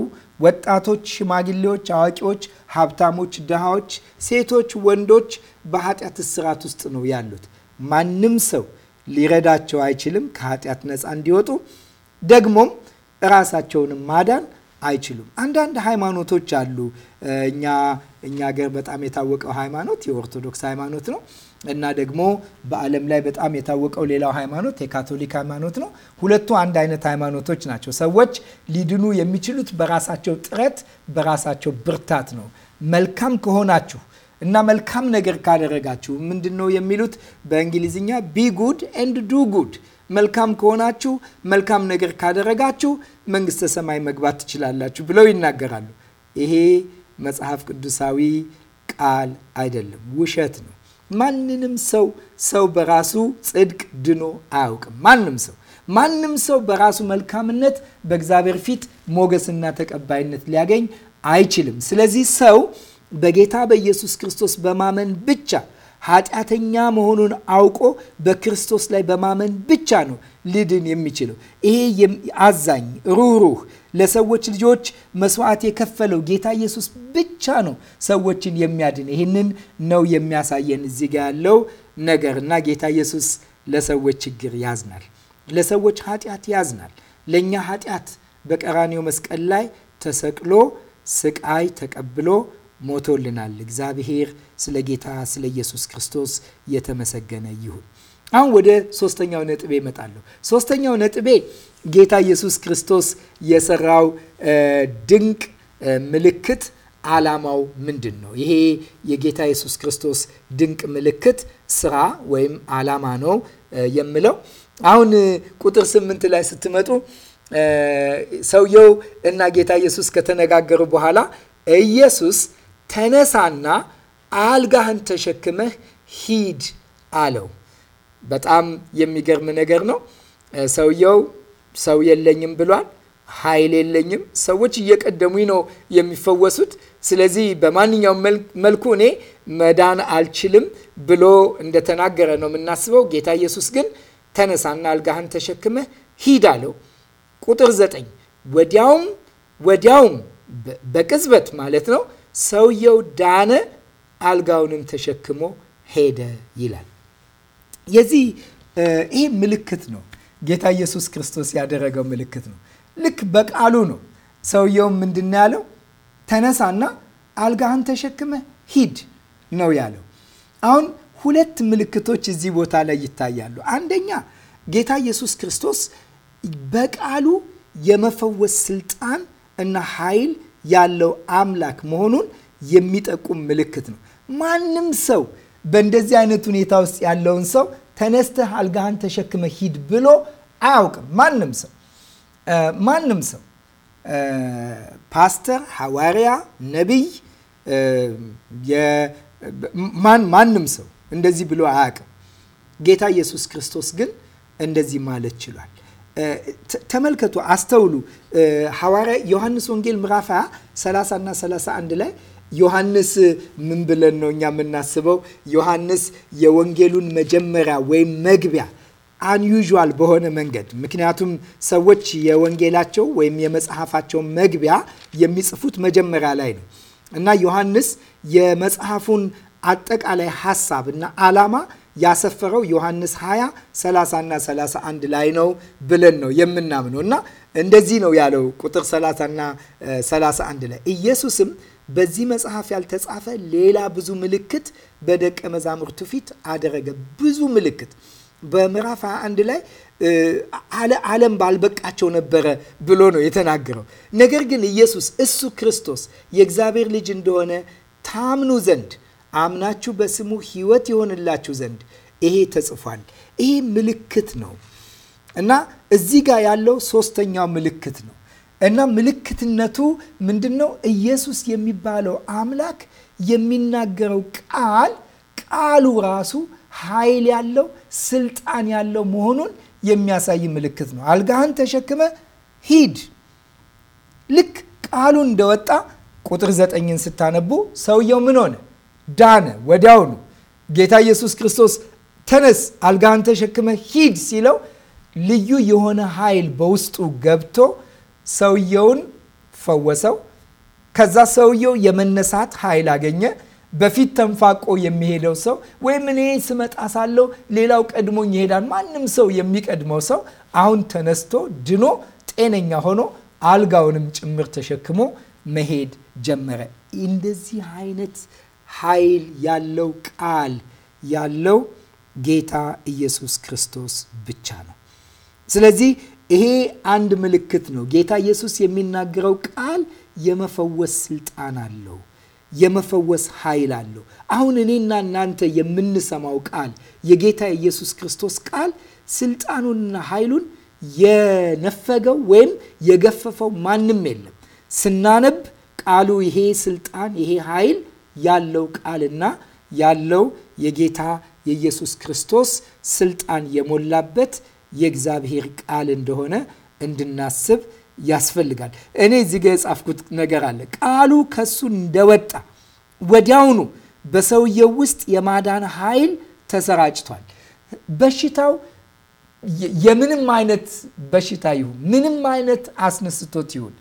ወጣቶች፣ ሽማግሌዎች፣ አዋቂዎች፣ ሀብታሞች፣ ድሃዎች፣ ሴቶች፣ ወንዶች በኃጢአት እስራት ውስጥ ነው ያሉት። ማንም ሰው ሊረዳቸው አይችልም ከኃጢአት ነፃ እንዲወጡ ደግሞም ራሳቸውንም ማዳን አይችሉም። አንዳንድ ሃይማኖቶች አሉ። እኛ እኛ ገር በጣም የታወቀው ሃይማኖት የኦርቶዶክስ ሃይማኖት ነው። እና ደግሞ በዓለም ላይ በጣም የታወቀው ሌላው ሃይማኖት የካቶሊክ ሃይማኖት ነው። ሁለቱ አንድ አይነት ሃይማኖቶች ናቸው። ሰዎች ሊድኑ የሚችሉት በራሳቸው ጥረት፣ በራሳቸው ብርታት ነው። መልካም ከሆናችሁ እና መልካም ነገር ካደረጋችሁ ምንድን ነው የሚሉት በእንግሊዝኛ ቢ ጉድ ኤንድ ዱ ጉድ መልካም ከሆናችሁ መልካም ነገር ካደረጋችሁ መንግስተ ሰማይ መግባት ትችላላችሁ ብለው ይናገራሉ። ይሄ መጽሐፍ ቅዱሳዊ ቃል አይደለም፣ ውሸት ነው። ማንንም ሰው ሰው በራሱ ጽድቅ ድኖ አያውቅም። ማንም ሰው ማንም ሰው በራሱ መልካምነት በእግዚአብሔር ፊት ሞገስና ተቀባይነት ሊያገኝ አይችልም። ስለዚህ ሰው በጌታ በኢየሱስ ክርስቶስ በማመን ብቻ ኃጢአተኛ መሆኑን አውቆ በክርስቶስ ላይ በማመን ብቻ ነው ሊድን የሚችለው። ይሄ አዛኝ ሩህሩህ ለሰዎች ልጆች መስዋዕት የከፈለው ጌታ ኢየሱስ ብቻ ነው ሰዎችን የሚያድን። ይህንን ነው የሚያሳየን እዚህ ጋ ያለው ነገር እና ጌታ ኢየሱስ ለሰዎች ችግር ያዝናል፣ ለሰዎች ኃጢአት ያዝናል። ለእኛ ኃጢአት በቀራኔው መስቀል ላይ ተሰቅሎ ስቃይ ተቀብሎ ሞቶልናል። እግዚአብሔር ስለ ጌታ ስለ ኢየሱስ ክርስቶስ የተመሰገነ ይሁን። አሁን ወደ ሶስተኛው ነጥቤ እመጣለሁ። ሶስተኛው ነጥቤ ጌታ ኢየሱስ ክርስቶስ የሰራው ድንቅ ምልክት ዓላማው ምንድን ነው? ይሄ የጌታ ኢየሱስ ክርስቶስ ድንቅ ምልክት ስራ ወይም ዓላማ ነው የምለው አሁን ቁጥር ስምንት ላይ ስትመጡ ሰውየው እና ጌታ ኢየሱስ ከተነጋገሩ በኋላ ኢየሱስ ተነሳና አልጋህን ተሸክመህ ሂድ አለው። በጣም የሚገርም ነገር ነው። ሰውየው ሰው የለኝም ብሏል። ኃይል የለኝም። ሰዎች እየቀደሙኝ ነው የሚፈወሱት። ስለዚህ በማንኛውም መልኩ እኔ መዳን አልችልም ብሎ እንደተናገረ ነው የምናስበው። ጌታ ኢየሱስ ግን ተነሳና አልጋህን ተሸክመ ሂድ አለው። ቁጥር ዘጠኝ ወዲያውም ወዲያውም በቅጽበት ማለት ነው ሰውየው ዳነ፣ አልጋውንም ተሸክሞ ሄደ ይላል። የዚህ ይሄ ምልክት ነው ጌታ ኢየሱስ ክርስቶስ ያደረገው ምልክት ነው። ልክ በቃሉ ነው። ሰውየውም ምንድን ያለው? ተነሳና አልጋህን ተሸክመ ሂድ ነው ያለው። አሁን ሁለት ምልክቶች እዚህ ቦታ ላይ ይታያሉ። አንደኛ ጌታ ኢየሱስ ክርስቶስ በቃሉ የመፈወስ ስልጣን እና ኃይል ያለው አምላክ መሆኑን የሚጠቁም ምልክት ነው። ማንም ሰው በእንደዚህ አይነት ሁኔታ ውስጥ ያለውን ሰው ተነስተህ አልጋህን ተሸክመ ሂድ ብሎ አያውቅም። ማንም ሰው ማንም ሰው ፓስተር፣ ሐዋርያ፣ ነቢይ፣ ማንም ሰው እንደዚህ ብሎ አያውቅም። ጌታ ኢየሱስ ክርስቶስ ግን እንደዚህ ማለት ችሏል። ተመልከቱ፣ አስተውሉ። ሐዋርያ ዮሐንስ ወንጌል ምዕራፍ 20 30 እና 31 ላይ ዮሐንስ ምን ብለን ነው እኛ የምናስበው? ዮሐንስ የወንጌሉን መጀመሪያ ወይም መግቢያ አንዩዥዋል በሆነ መንገድ ምክንያቱም ሰዎች የወንጌላቸው ወይም የመጽሐፋቸው መግቢያ የሚጽፉት መጀመሪያ ላይ ነው እና ዮሐንስ የመጽሐፉን አጠቃላይ ሀሳብ እና ዓላማ ያሰፈረው ዮሐንስ 20 30 እና 31 ላይ ነው ብለን ነው የምናምነው እና እንደዚህ ነው ያለው ቁጥር 30 እና 31 ላይ ኢየሱስም በዚህ መጽሐፍ ያልተጻፈ ሌላ ብዙ ምልክት በደቀ መዛሙርቱ ፊት አደረገ። ብዙ ምልክት በምዕራፍ 21 ላይ ዓለም ባልበቃቸው ነበረ ብሎ ነው የተናገረው። ነገር ግን ኢየሱስ እሱ ክርስቶስ የእግዚአብሔር ልጅ እንደሆነ ታምኑ ዘንድ አምናችሁ በስሙ ሕይወት ይሆንላችሁ ዘንድ ይሄ ተጽፏል። ይሄ ምልክት ነው እና እዚህ ጋር ያለው ሶስተኛው ምልክት ነው። እና ምልክትነቱ ምንድን ነው? ኢየሱስ የሚባለው አምላክ የሚናገረው ቃል ቃሉ ራሱ ኃይል ያለው ስልጣን ያለው መሆኑን የሚያሳይ ምልክት ነው። አልጋህን ተሸክመ ሂድ። ልክ ቃሉ እንደወጣ ቁጥር ዘጠኝን ስታነቡ ሰውየው ምን ሆነ? ዳነ። ወዲያውኑ ጌታ ኢየሱስ ክርስቶስ ተነስ፣ አልጋህን ተሸክመ ሂድ ሲለው ልዩ የሆነ ኃይል በውስጡ ገብቶ ሰውየውን ፈወሰው። ከዛ ሰውየው የመነሳት ኃይል አገኘ። በፊት ተንፋቆ የሚሄደው ሰው ወይም እኔ ስመጣ ሳለው ሌላው ቀድሞኝ ይሄዳል። ማንም ሰው የሚቀድመው ሰው አሁን ተነስቶ ድኖ ጤነኛ ሆኖ አልጋውንም ጭምር ተሸክሞ መሄድ ጀመረ። እንደዚህ አይነት ኃይል ያለው ቃል ያለው ጌታ ኢየሱስ ክርስቶስ ብቻ ነው። ስለዚህ ይሄ አንድ ምልክት ነው። ጌታ ኢየሱስ የሚናገረው ቃል የመፈወስ ስልጣን አለው። የመፈወስ ኃይል አለው። አሁን እኔና እናንተ የምንሰማው ቃል የጌታ የኢየሱስ ክርስቶስ ቃል ስልጣኑንና ኃይሉን የነፈገው ወይም የገፈፈው ማንም የለም። ስናነብ ቃሉ ይሄ ስልጣን ይሄ ኃይል ያለው ቃልና ያለው የጌታ የኢየሱስ ክርስቶስ ስልጣን የሞላበት የእግዚአብሔር ቃል እንደሆነ እንድናስብ ያስፈልጋል። እኔ እዚህ ጋ የጻፍኩት ነገር አለ። ቃሉ ከሱ እንደወጣ ወዲያውኑ በሰውየው ውስጥ የማዳን ኃይል ተሰራጭቷል። በሽታው የምንም አይነት በሽታ ይሁን ምንም አይነት አስነስቶት ይሁን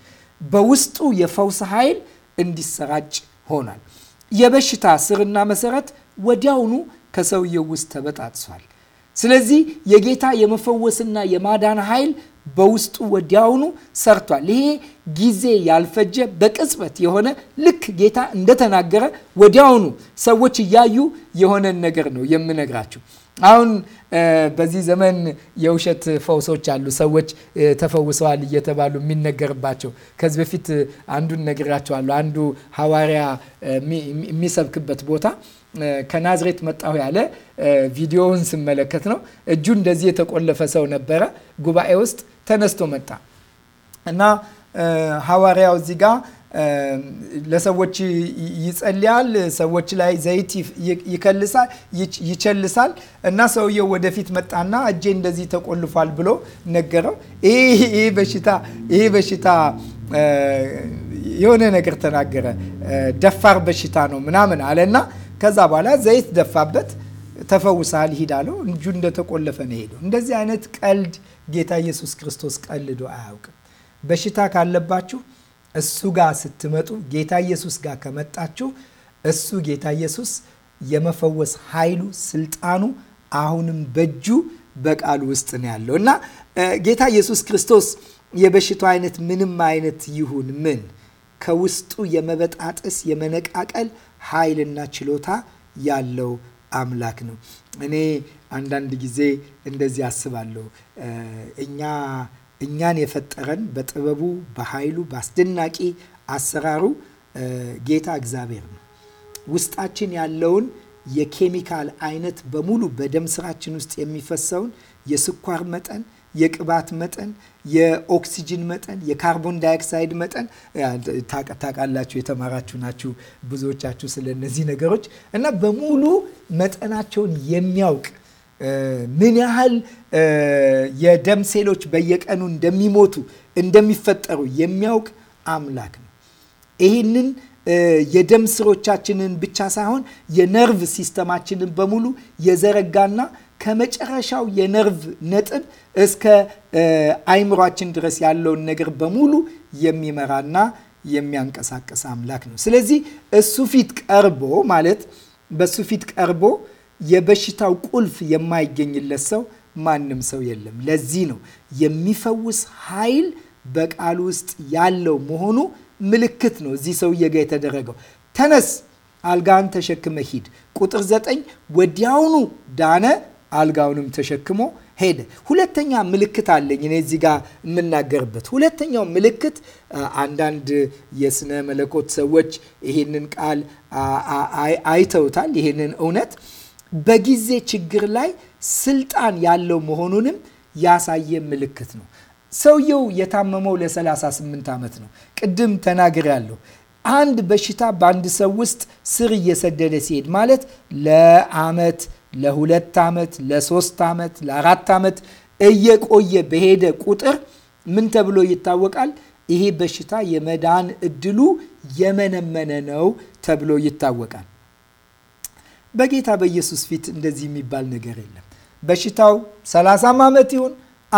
በውስጡ የፈውስ ኃይል እንዲሰራጭ ሆኗል። የበሽታ ስርና መሰረት ወዲያውኑ ከሰውየው ውስጥ ተበጣጥሷል። ስለዚህ የጌታ የመፈወስና የማዳን ኃይል በውስጡ ወዲያውኑ ሰርቷል። ይሄ ጊዜ ያልፈጀ በቅጽበት የሆነ ልክ ጌታ እንደተናገረ ወዲያውኑ ሰዎች እያዩ የሆነን ነገር ነው የምነግራችሁ። አሁን በዚህ ዘመን የውሸት ፈውሶች አሉ። ሰዎች ተፈውሰዋል እየተባሉ የሚነገርባቸው ከዚህ በፊት አንዱን ነግራቸዋለሁ። አንዱ ሐዋርያ የሚሰብክበት ቦታ ከናዝሬት መጣሁ ያለ ቪዲዮውን ስመለከት ነው። እጁ እንደዚህ የተቆለፈ ሰው ነበረ ጉባኤ ውስጥ ተነስቶ መጣ እና ሐዋርያው እዚህ ጋር ለሰዎች ይጸልያል፣ ሰዎች ላይ ዘይት ይከልሳል፣ ይቸልሳል እና ሰውየው ወደፊት መጣና እጄ እንደዚህ ተቆልፏል ብሎ ነገረው። ይሄ በሽታ ይሄ በሽታ የሆነ ነገር ተናገረ። ደፋር በሽታ ነው ምናምን አለና ከዛ በኋላ ዘይት ደፋበት፣ ተፈውሳል፣ ሂድ እጁ እንደተቆለፈ ነው ሄደው። እንደዚህ አይነት ቀልድ ጌታ ኢየሱስ ክርስቶስ ቀልዶ አያውቅም። በሽታ ካለባችሁ እሱ ጋር ስትመጡ፣ ጌታ ኢየሱስ ጋር ከመጣችሁ እሱ ጌታ ኢየሱስ የመፈወስ ኃይሉ ስልጣኑ አሁንም በእጁ በቃሉ ውስጥ ነው ያለው እና ጌታ ኢየሱስ ክርስቶስ የበሽታው አይነት ምንም አይነት ይሁን ምን ከውስጡ የመበጣጠስ የመነቃቀል ኃይልና ችሎታ ያለው አምላክ ነው። እኔ አንዳንድ ጊዜ እንደዚህ አስባለሁ። እኛ እኛን የፈጠረን በጥበቡ፣ በኃይሉ፣ በአስደናቂ አሰራሩ ጌታ እግዚአብሔር ነው። ውስጣችን ያለውን የኬሚካል አይነት በሙሉ በደም ስራችን ውስጥ የሚፈሰውን የስኳር መጠን የቅባት መጠን፣ የኦክሲጅን መጠን፣ የካርቦን ዳይኦክሳይድ መጠን ታውቃላችሁ። የተማራችሁ ናችሁ ብዙዎቻችሁ ስለ እነዚህ ነገሮች እና በሙሉ መጠናቸውን የሚያውቅ ምን ያህል የደም ሴሎች በየቀኑ እንደሚሞቱ እንደሚፈጠሩ የሚያውቅ አምላክ ነው። ይህንን የደም ስሮቻችንን ብቻ ሳይሆን የነርቭ ሲስተማችንን በሙሉ የዘረጋና ከመጨረሻው የነርቭ ነጥብ እስከ አይምሯችን ድረስ ያለውን ነገር በሙሉ የሚመራና የሚያንቀሳቀስ አምላክ ነው። ስለዚህ እሱ ፊት ቀርቦ ማለት በእሱ ፊት ቀርቦ የበሽታው ቁልፍ የማይገኝለት ሰው ማንም ሰው የለም። ለዚህ ነው የሚፈውስ ኃይል በቃሉ ውስጥ ያለው መሆኑ ምልክት ነው። እዚህ ሰውዬ ጋ የተደረገው ተነስ፣ አልጋን ተሸክመ ሂድ። ቁጥር ዘጠኝ ወዲያውኑ ዳነ፣ አልጋውንም ተሸክሞ ሄደ። ሁለተኛ ምልክት አለኝ እኔ እዚህ ጋር የምናገርበት ሁለተኛው ምልክት አንዳንድ የስነ መለኮት ሰዎች ይህንን ቃል አይተውታል። ይህንን እውነት በጊዜ ችግር ላይ ስልጣን ያለው መሆኑንም ያሳየ ምልክት ነው። ሰውየው የታመመው ለ38 ዓመት ነው። ቅድም ያለው አንድ በሽታ በአንድ ሰው ውስጥ ስር እየሰደደ ሲሄድ ማለት ለአመት ለሁለት ዓመት፣ ለሶስት ዓመት፣ ለአራት ዓመት እየቆየ በሄደ ቁጥር ምን ተብሎ ይታወቃል? ይሄ በሽታ የመዳን እድሉ የመነመነ ነው ተብሎ ይታወቃል። በጌታ በኢየሱስ ፊት እንደዚህ የሚባል ነገር የለም። በሽታው 30 ዓመት ይሁን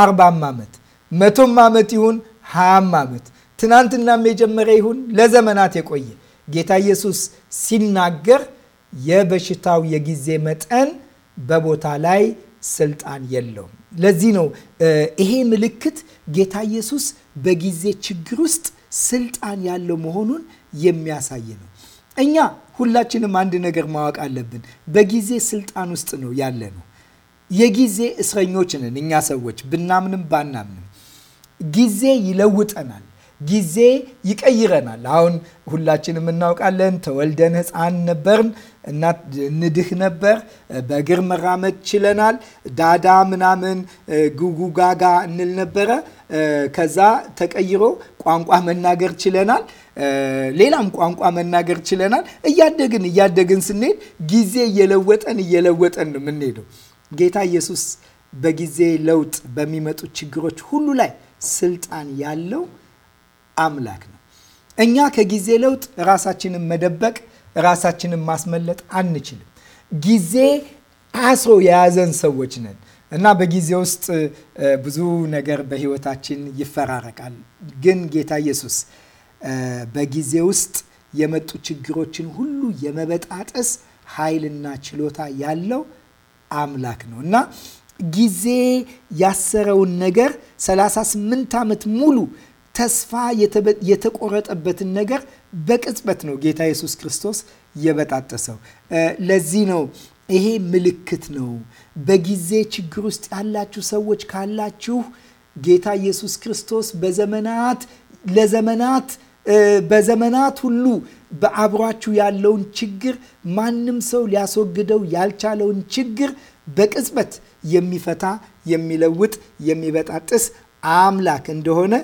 40 ዓመት፣ መቶም ዓመት ይሁን 20 ዓመት፣ ትናንትናም የጀመረ ይሁን ለዘመናት የቆየ ጌታ ኢየሱስ ሲናገር የበሽታው የጊዜ መጠን በቦታ ላይ ስልጣን የለውም። ለዚህ ነው ይሄ ምልክት ጌታ ኢየሱስ በጊዜ ችግር ውስጥ ስልጣን ያለው መሆኑን የሚያሳይ ነው። እኛ ሁላችንም አንድ ነገር ማወቅ አለብን። በጊዜ ስልጣን ውስጥ ነው ያለ ነው። የጊዜ እስረኞች ነን እኛ ሰዎች ብናምንም ባናምንም ጊዜ ይለውጠናል። ጊዜ ይቀይረናል። አሁን ሁላችንም እናውቃለን። ተወልደን ሕፃን ነበርን እና ንድህ ነበር። በእግር መራመድ ችለናል። ዳዳ ምናምን ጉጉጋጋ እንል ነበረ። ከዛ ተቀይሮ ቋንቋ መናገር ችለናል። ሌላም ቋንቋ መናገር ችለናል። እያደግን እያደግን ስንሄድ ጊዜ እየለወጠን እየለወጠን ነው የምንሄደው። ጌታ ኢየሱስ በጊዜ ለውጥ በሚመጡ ችግሮች ሁሉ ላይ ስልጣን ያለው አምላክ ነው። እኛ ከጊዜ ለውጥ ራሳችንን መደበቅ፣ ራሳችንን ማስመለጥ አንችልም። ጊዜ አስሮ የያዘን ሰዎች ነን እና በጊዜ ውስጥ ብዙ ነገር በህይወታችን ይፈራረቃል። ግን ጌታ ኢየሱስ በጊዜ ውስጥ የመጡ ችግሮችን ሁሉ የመበጣጠስ ኃይልና ችሎታ ያለው አምላክ ነው እና ጊዜ ያሰረውን ነገር 38 ዓመት ሙሉ ተስፋ የተቆረጠበትን ነገር በቅጽበት ነው ጌታ ኢየሱስ ክርስቶስ የበጣጠሰው። ለዚህ ነው ይሄ ምልክት ነው። በጊዜ ችግር ውስጥ ያላችሁ ሰዎች ካላችሁ ጌታ ኢየሱስ ክርስቶስ በዘመናት ለዘመናት በዘመናት ሁሉ በአብሯችሁ ያለውን ችግር ማንም ሰው ሊያስወግደው ያልቻለውን ችግር በቅጽበት የሚፈታ የሚለውጥ የሚበጣጥስ አምላክ እንደሆነ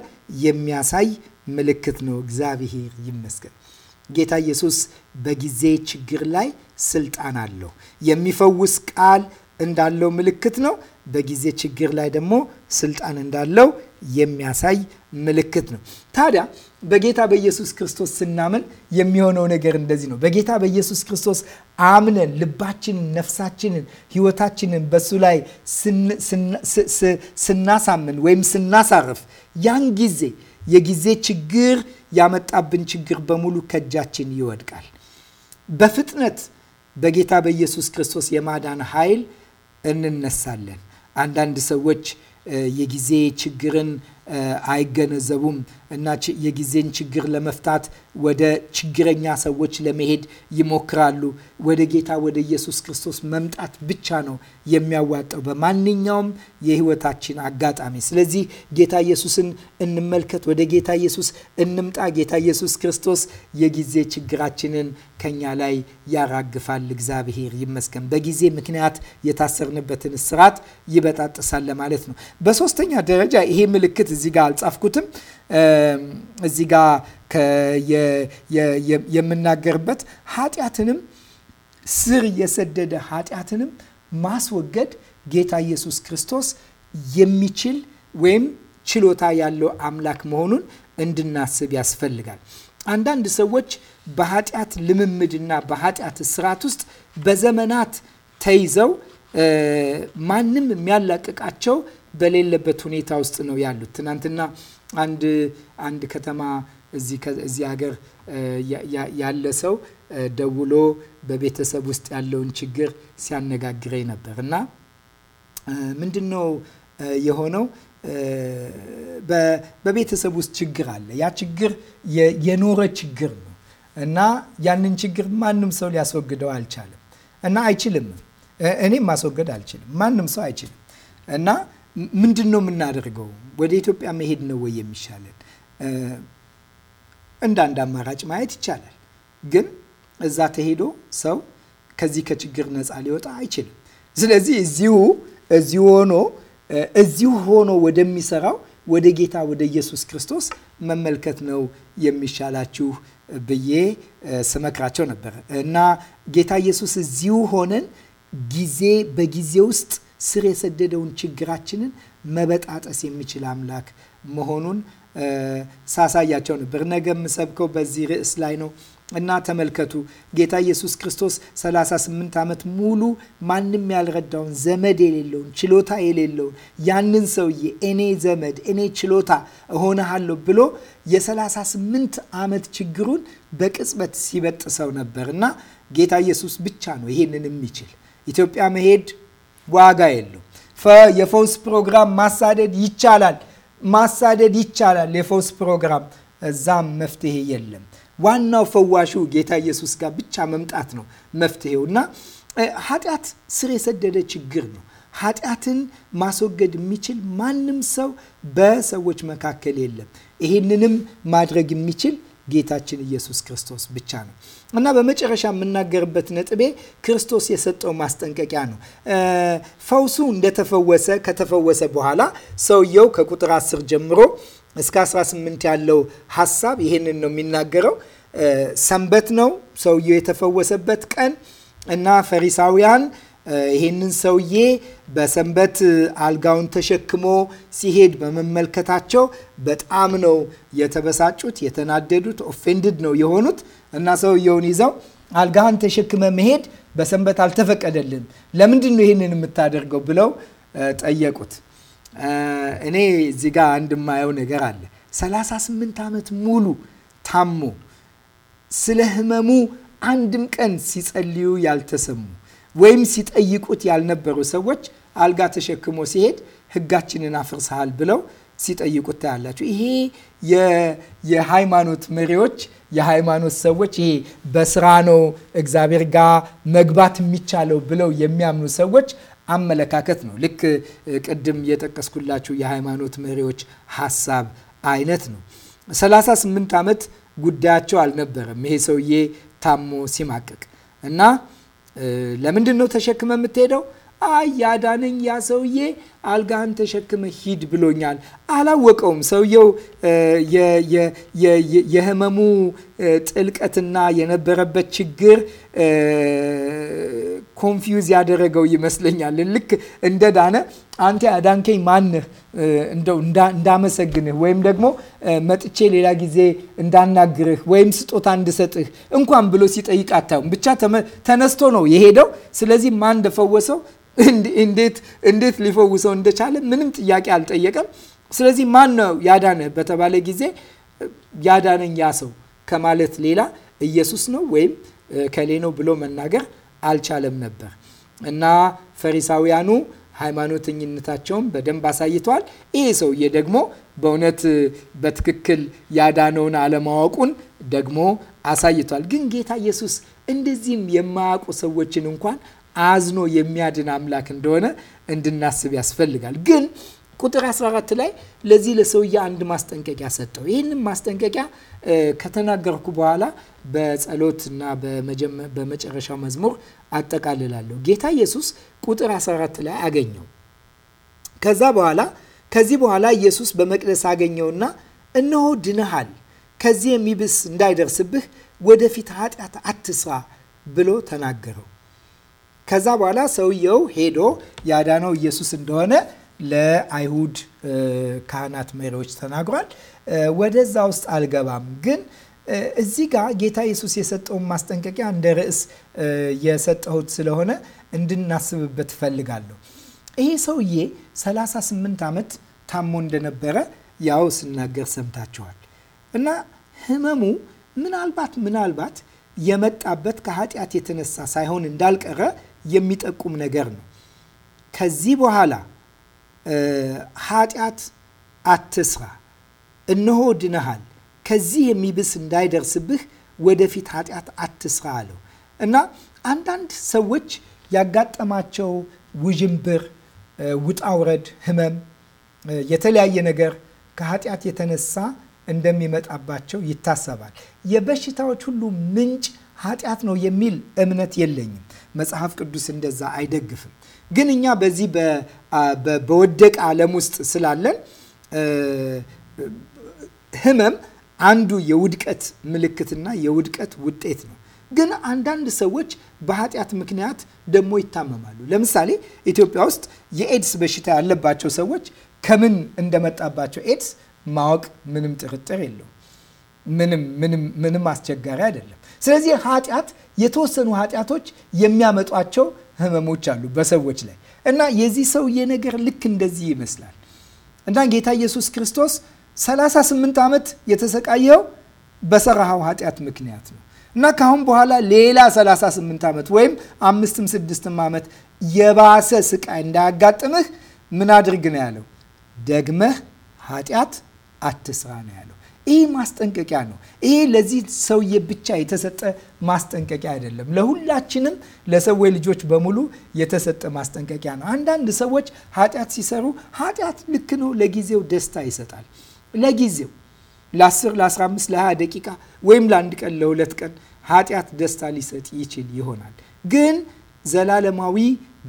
የሚያሳይ ምልክት ነው። እግዚአብሔር ይመስገን። ጌታ ኢየሱስ በጊዜ ችግር ላይ ስልጣን አለው። የሚፈውስ ቃል እንዳለው ምልክት ነው። በጊዜ ችግር ላይ ደግሞ ስልጣን እንዳለው የሚያሳይ ምልክት ነው። ታዲያ በጌታ በኢየሱስ ክርስቶስ ስናምን የሚሆነው ነገር እንደዚህ ነው። በጌታ በኢየሱስ ክርስቶስ አምነን ልባችንን፣ ነፍሳችንን፣ ሕይወታችንን በሱ ላይ ስናሳምን ወይም ስናሳርፍ ያን ጊዜ የጊዜ ችግር ያመጣብን ችግር በሙሉ ከእጃችን ይወድቃል። በፍጥነት በጌታ በኢየሱስ ክርስቶስ የማዳን ኃይል እንነሳለን። አንዳንድ ሰዎች የጊዜ ችግርን አይገነዘቡም። እና የጊዜን ችግር ለመፍታት ወደ ችግረኛ ሰዎች ለመሄድ ይሞክራሉ። ወደ ጌታ ወደ ኢየሱስ ክርስቶስ መምጣት ብቻ ነው የሚያዋጣው በማንኛውም የህይወታችን አጋጣሚ። ስለዚህ ጌታ ኢየሱስን እንመልከት፣ ወደ ጌታ ኢየሱስ እንምጣ። ጌታ ኢየሱስ ክርስቶስ የጊዜ ችግራችንን ከኛ ላይ ያራግፋል። እግዚአብሔር ይመስገን። በጊዜ ምክንያት የታሰርንበትን ስርዓት ይበጣጥሳል ለማለት ነው። በሶስተኛ ደረጃ ይሄ ምልክት እዚህ ጋር አልጻፍኩትም። እዚህ ጋ የምናገርበት ኃጢአትንም ስር የሰደደ ኃጢአትንም ማስወገድ ጌታ ኢየሱስ ክርስቶስ የሚችል ወይም ችሎታ ያለው አምላክ መሆኑን እንድናስብ ያስፈልጋል። አንዳንድ ሰዎች በኃጢአት ልምምድና በኃጢአት ስርዓት ውስጥ በዘመናት ተይዘው ማንም የሚያላቅቃቸው በሌለበት ሁኔታ ውስጥ ነው ያሉት። ትናንትና አንድ አንድ ከተማ እዚህ ሀገር ያለ ሰው ደውሎ በቤተሰብ ውስጥ ያለውን ችግር ሲያነጋግረኝ ነበር እና ምንድን ነው የሆነው? በቤተሰብ ውስጥ ችግር አለ። ያ ችግር የኖረ ችግር ነው እና ያንን ችግር ማንም ሰው ሊያስወግደው አልቻለም እና አይችልም። እኔም ማስወገድ አልችልም። ማንም ሰው አይችልም እና ምንድን ነው የምናደርገው? ወደ ኢትዮጵያ መሄድ ነው ወይ የሚሻለን? እንዳንድ አማራጭ ማየት ይቻላል። ግን እዛ ተሄዶ ሰው ከዚህ ከችግር ነፃ ሊወጣ አይችልም። ስለዚህ እዚሁ እዚሁ ሆኖ እዚሁ ሆኖ ወደሚሰራው ወደ ጌታ ወደ ኢየሱስ ክርስቶስ መመልከት ነው የሚሻላችሁ ብዬ ስመክራቸው ነበር እና ጌታ ኢየሱስ እዚሁ ሆነን ጊዜ በጊዜ ውስጥ ስር የሰደደውን ችግራችንን መበጣጠስ የሚችል አምላክ መሆኑን ሳሳያቸው ነበር። ነገ የምሰብከው በዚህ ርዕስ ላይ ነው እና ተመልከቱ ጌታ ኢየሱስ ክርስቶስ 38 ዓመት ሙሉ ማንም ያልረዳውን ዘመድ የሌለውን ችሎታ የሌለውን ያንን ሰውዬ እኔ ዘመድ እኔ ችሎታ እሆነሃለሁ ብሎ የ38 ዓመት ችግሩን በቅጽበት ሲበጥ ሰው ነበር እና ጌታ ኢየሱስ ብቻ ነው ይሄንን የሚችል ኢትዮጵያ መሄድ ዋጋ የለው። የፈውስ ፕሮግራም ማሳደድ ይቻላል፣ ማሳደድ ይቻላል። የፈውስ ፕሮግራም እዛም መፍትሄ የለም። ዋናው ፈዋሹ ጌታ ኢየሱስ ጋር ብቻ መምጣት ነው መፍትሄው እና ኃጢአት ስር የሰደደ ችግር ነው። ኃጢአትን ማስወገድ የሚችል ማንም ሰው በሰዎች መካከል የለም። ይህንንም ማድረግ የሚችል ጌታችን ኢየሱስ ክርስቶስ ብቻ ነው እና በመጨረሻ የምናገርበት ነጥቤ ክርስቶስ የሰጠው ማስጠንቀቂያ ነው። ፈውሱ እንደተፈወሰ ከተፈወሰ በኋላ ሰውየው ከቁጥር 10 ጀምሮ እስከ 18 ያለው ሀሳብ ይህንን ነው የሚናገረው። ሰንበት ነው ሰውየው የተፈወሰበት ቀን እና ፈሪሳውያን ይህንን ሰውዬ በሰንበት አልጋውን ተሸክሞ ሲሄድ በመመልከታቸው በጣም ነው የተበሳጩት፣ የተናደዱት፣ ኦፌንድድ ነው የሆኑት እና ሰውየውን ይዘው አልጋህን ተሸክመ መሄድ በሰንበት አልተፈቀደልን፣ ለምንድን ነው ይህንን የምታደርገው ብለው ጠየቁት። እኔ እዚህ ጋር አንድ ማየው ነገር አለ። 38 ዓመት ሙሉ ታሞ ስለ ህመሙ አንድም ቀን ሲጸልዩ ያልተሰሙ ወይም ሲጠይቁት ያልነበሩ ሰዎች አልጋ ተሸክሞ ሲሄድ ህጋችንን አፍርሰሃል ብለው ሲጠይቁት ታያላችሁ። ይሄ የሃይማኖት መሪዎች የሃይማኖት ሰዎች ይሄ በስራ ነው እግዚአብሔር ጋር መግባት የሚቻለው ብለው የሚያምኑ ሰዎች አመለካከት ነው። ልክ ቅድም የጠቀስኩላችሁ የሃይማኖት መሪዎች ሀሳብ አይነት ነው። 38 ዓመት ጉዳያቸው አልነበረም ይሄ ሰውዬ ታሞ ሲማቀቅ እና ለምንድን ነው ተሸክመ የምትሄደው? አይ ያዳነኝ ያ ሰውዬ አልጋህን ተሸክመ ሂድ ብሎኛል። አላወቀውም። ሰውየው የህመሙ ጥልቀትና የነበረበት ችግር ኮንፊውዝ ያደረገው ይመስለኛል። ልክ እንደ ዳነ አንተ አዳንከኝ ማንህ እንደው እንዳመሰግንህ ወይም ደግሞ መጥቼ ሌላ ጊዜ እንዳናግርህ ወይም ስጦታ እንድሰጥህ እንኳን ብሎ ሲጠይቅ አታውም። ብቻ ተነስቶ ነው የሄደው። ስለዚህ ማን እንደፈወሰው እንዴት ሊፈውሰው ሊያድናቸው እንደቻለ ምንም ጥያቄ አልጠየቀም። ስለዚህ ማን ነው ያዳነ በተባለ ጊዜ ያዳነኝ ያ ሰው ከማለት ሌላ ኢየሱስ ነው ወይም ከሌ ነው ብሎ መናገር አልቻለም ነበር እና ፈሪሳውያኑ ሃይማኖተኝነታቸውን በደንብ አሳይተዋል። ይሄ ሰውዬ ደግሞ በእውነት በትክክል ያዳነውን አለማወቁን ደግሞ አሳይቷል። ግን ጌታ ኢየሱስ እንደዚህም የማያውቁ ሰዎችን እንኳን አዝኖ የሚያድን አምላክ እንደሆነ እንድናስብ ያስፈልጋል። ግን ቁጥር 14 ላይ ለዚህ ለሰውዬ አንድ ማስጠንቀቂያ ሰጠው። ይህንም ማስጠንቀቂያ ከተናገርኩ በኋላ በጸሎት እና በመጨረሻው መዝሙር አጠቃልላለሁ። ጌታ ኢየሱስ ቁጥር 14 ላይ አገኘው። ከዛ በኋላ ከዚህ በኋላ ኢየሱስ በመቅደስ አገኘውና እነሆ ድነሃል፣ ከዚህ የሚብስ እንዳይደርስብህ ወደፊት ኃጢአት አትስራ ብሎ ተናገረው። ከዛ በኋላ ሰውየው ሄዶ ያዳነው ኢየሱስ እንደሆነ ለአይሁድ ካህናት መሪዎች ተናግሯል። ወደዛ ውስጥ አልገባም ግን እዚህ ጋር ጌታ ኢየሱስ የሰጠውን ማስጠንቀቂያ እንደ ርዕስ የሰጠሁት ስለሆነ እንድናስብበት እፈልጋለሁ። ይሄ ሰውዬ 38 ዓመት ታሞ እንደነበረ ያው ስናገር ሰምታችኋል። እና ህመሙ ምናልባት ምናልባት የመጣበት ከኃጢአት የተነሳ ሳይሆን እንዳልቀረ የሚጠቁም ነገር ነው። ከዚህ በኋላ ኃጢአት አትስራ፣ እነሆ ድነሃል፣ ከዚህ የሚብስ እንዳይደርስብህ ወደፊት ኃጢአት አትስራ አለው እና አንዳንድ ሰዎች ያጋጠማቸው ውዥንብር፣ ውጣውረድ፣ ህመም፣ የተለያየ ነገር ከኃጢአት የተነሳ እንደሚመጣባቸው ይታሰባል። የበሽታዎች ሁሉ ምንጭ ኃጢአት ነው የሚል እምነት የለኝም። መጽሐፍ ቅዱስ እንደዛ አይደግፍም። ግን እኛ በዚህ በወደቀ ዓለም ውስጥ ስላለን ህመም አንዱ የውድቀት ምልክትና የውድቀት ውጤት ነው። ግን አንዳንድ ሰዎች በኃጢአት ምክንያት ደግሞ ይታመማሉ። ለምሳሌ ኢትዮጵያ ውስጥ የኤድስ በሽታ ያለባቸው ሰዎች ከምን እንደመጣባቸው ኤድስ ማወቅ ምንም ጥርጥር የለውም። ምንም ምንም አስቸጋሪ አይደለም። ስለዚህ ኃጢአት የተወሰኑ ኃጢአቶች የሚያመጧቸው ህመሞች አሉ በሰዎች ላይ እና የዚህ ሰውዬ ነገር ልክ እንደዚህ ይመስላል እና ጌታ ኢየሱስ ክርስቶስ 38 ዓመት የተሰቃየው በሰራሃው ኃጢአት ምክንያት ነው እና ከአሁን በኋላ ሌላ 38 ዓመት ወይም አምስትም ስድስትም ዓመት የባሰ ስቃይ እንዳያጋጥምህ ምን አድርግ ነው ያለው ደግመህ ኃጢአት አትስራ ነው ያለው ይህ ማስጠንቀቂያ ነው። ይሄ ለዚህ ሰውዬ ብቻ የተሰጠ ማስጠንቀቂያ አይደለም። ለሁላችንም ለሰው ልጆች በሙሉ የተሰጠ ማስጠንቀቂያ ነው። አንዳንድ ሰዎች ኃጢአት ሲሰሩ ኃጢአት ልክ ነው፣ ለጊዜው ደስታ ይሰጣል። ለጊዜው ለ10 ለ15 ለ20 ደቂቃ ወይም ለአንድ ቀን ለሁለት ቀን ኃጢአት ደስታ ሊሰጥ ይችል ይሆናል። ግን ዘላለማዊ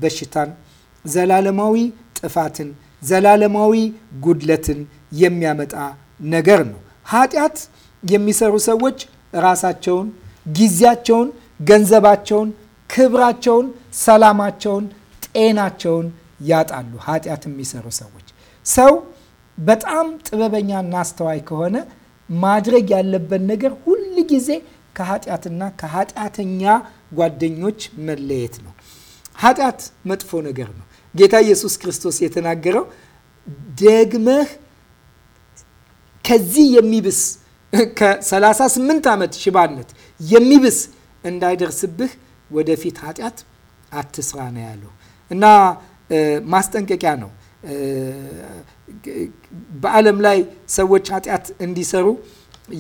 በሽታን፣ ዘላለማዊ ጥፋትን፣ ዘላለማዊ ጉድለትን የሚያመጣ ነገር ነው። ኃጢአት የሚሰሩ ሰዎች ራሳቸውን፣ ጊዜያቸውን፣ ገንዘባቸውን፣ ክብራቸውን፣ ሰላማቸውን፣ ጤናቸውን ያጣሉ። ኃጢአት የሚሰሩ ሰዎች ሰው በጣም ጥበበኛና አስተዋይ ከሆነ ማድረግ ያለበት ነገር ሁል ጊዜ ከኃጢአትና ከኃጢአተኛ ጓደኞች መለየት ነው። ኃጢአት መጥፎ ነገር ነው። ጌታ ኢየሱስ ክርስቶስ የተናገረው ደግመህ ከዚህ የሚብስ ከ38 ዓመት ሽባነት የሚብስ እንዳይደርስብህ ወደፊት ኃጢአት አትስራ ነው ያለው እና ማስጠንቀቂያ ነው። በዓለም ላይ ሰዎች ኃጢአት እንዲሰሩ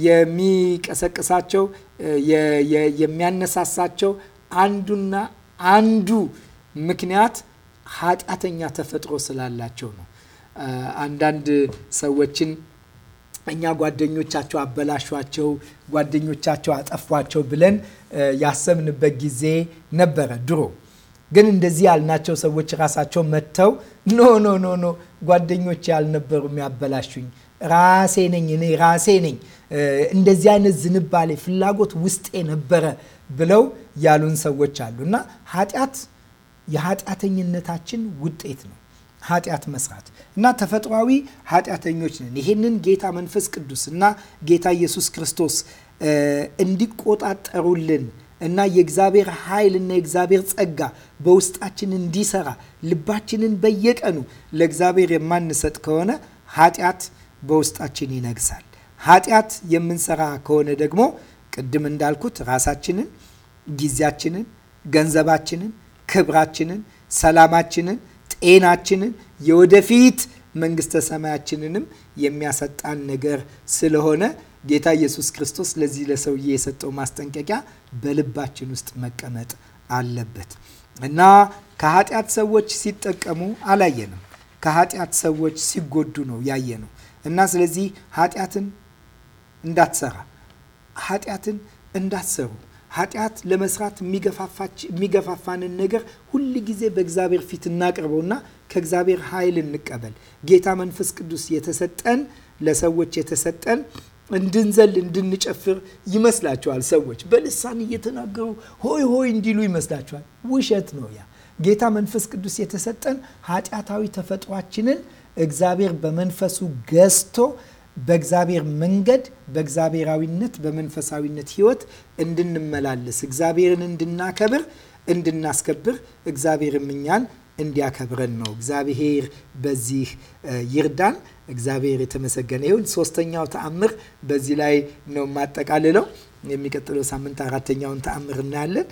የሚቀሰቅሳቸው የሚያነሳሳቸው አንዱና አንዱ ምክንያት ኃጢአተኛ ተፈጥሮ ስላላቸው ነው። አንዳንድ ሰዎችን እኛ ጓደኞቻቸው አበላሿቸው፣ ጓደኞቻቸው አጠፏቸው ብለን ያሰብንበት ጊዜ ነበረ ድሮ። ግን እንደዚህ ያልናቸው ሰዎች ራሳቸው መጥተው ኖ ኖ ኖ ኖ ጓደኞች ያልነበሩ ያበላሹኝ፣ ራሴ ነኝ እኔ ራሴ ነኝ፣ እንደዚህ አይነት ዝንባሌ ፍላጎት ውስጤ ነበረ ብለው ያሉን ሰዎች አሉ። እና ኃጢአት የኃጢአተኝነታችን ውጤት ነው ኃጢአት መስራት እና ተፈጥሯዊ ኃጢአተኞች ነን። ይሄንን ጌታ መንፈስ ቅዱስ እና ጌታ ኢየሱስ ክርስቶስ እንዲቆጣጠሩልን እና የእግዚአብሔር ኃይል እና የእግዚአብሔር ጸጋ በውስጣችን እንዲሰራ ልባችንን በየቀኑ ለእግዚአብሔር የማንሰጥ ከሆነ ኃጢአት በውስጣችን ይነግሳል። ኃጢአት የምንሰራ ከሆነ ደግሞ ቅድም እንዳልኩት ራሳችንን፣ ጊዜያችንን፣ ገንዘባችንን፣ ክብራችንን፣ ሰላማችንን ጤናችንን የወደፊት መንግስተ ሰማያችንንም የሚያሰጣን ነገር ስለሆነ ጌታ ኢየሱስ ክርስቶስ ለዚህ ለሰውዬ የሰጠው ማስጠንቀቂያ በልባችን ውስጥ መቀመጥ አለበት እና ከኃጢአት ሰዎች ሲጠቀሙ አላየንም። ከኃጢአት ሰዎች ሲጎዱ ነው ነው እና ስለዚህ ኃጢአትን እንዳትሰራ ኃጢአትን እንዳትሰሩ ኃጢአት ለመስራት የሚገፋፋንን ነገር ሁል ጊዜ በእግዚአብሔር ፊት እናቅርበውና ከእግዚአብሔር ኃይል እንቀበል። ጌታ መንፈስ ቅዱስ የተሰጠን ለሰዎች የተሰጠን እንድንዘል እንድንጨፍር ይመስላቸዋል። ሰዎች በልሳን እየተናገሩ ሆይ ሆይ እንዲሉ ይመስላቸዋል። ውሸት ነው ያ። ጌታ መንፈስ ቅዱስ የተሰጠን ኃጢአታዊ ተፈጥሯችንን እግዚአብሔር በመንፈሱ ገዝቶ በእግዚአብሔር መንገድ በእግዚአብሔራዊነት በመንፈሳዊነት ህይወት እንድንመላለስ እግዚአብሔርን እንድናከብር እንድናስከብር እግዚአብሔርም እኛን እንዲያከብረን ነው። እግዚአብሔር በዚህ ይርዳን። እግዚአብሔር የተመሰገነ ይሁን። ሶስተኛው ተአምር በዚህ ላይ ነው የማጠቃልለው። የሚቀጥለው ሳምንት አራተኛውን ተአምር እናያለን።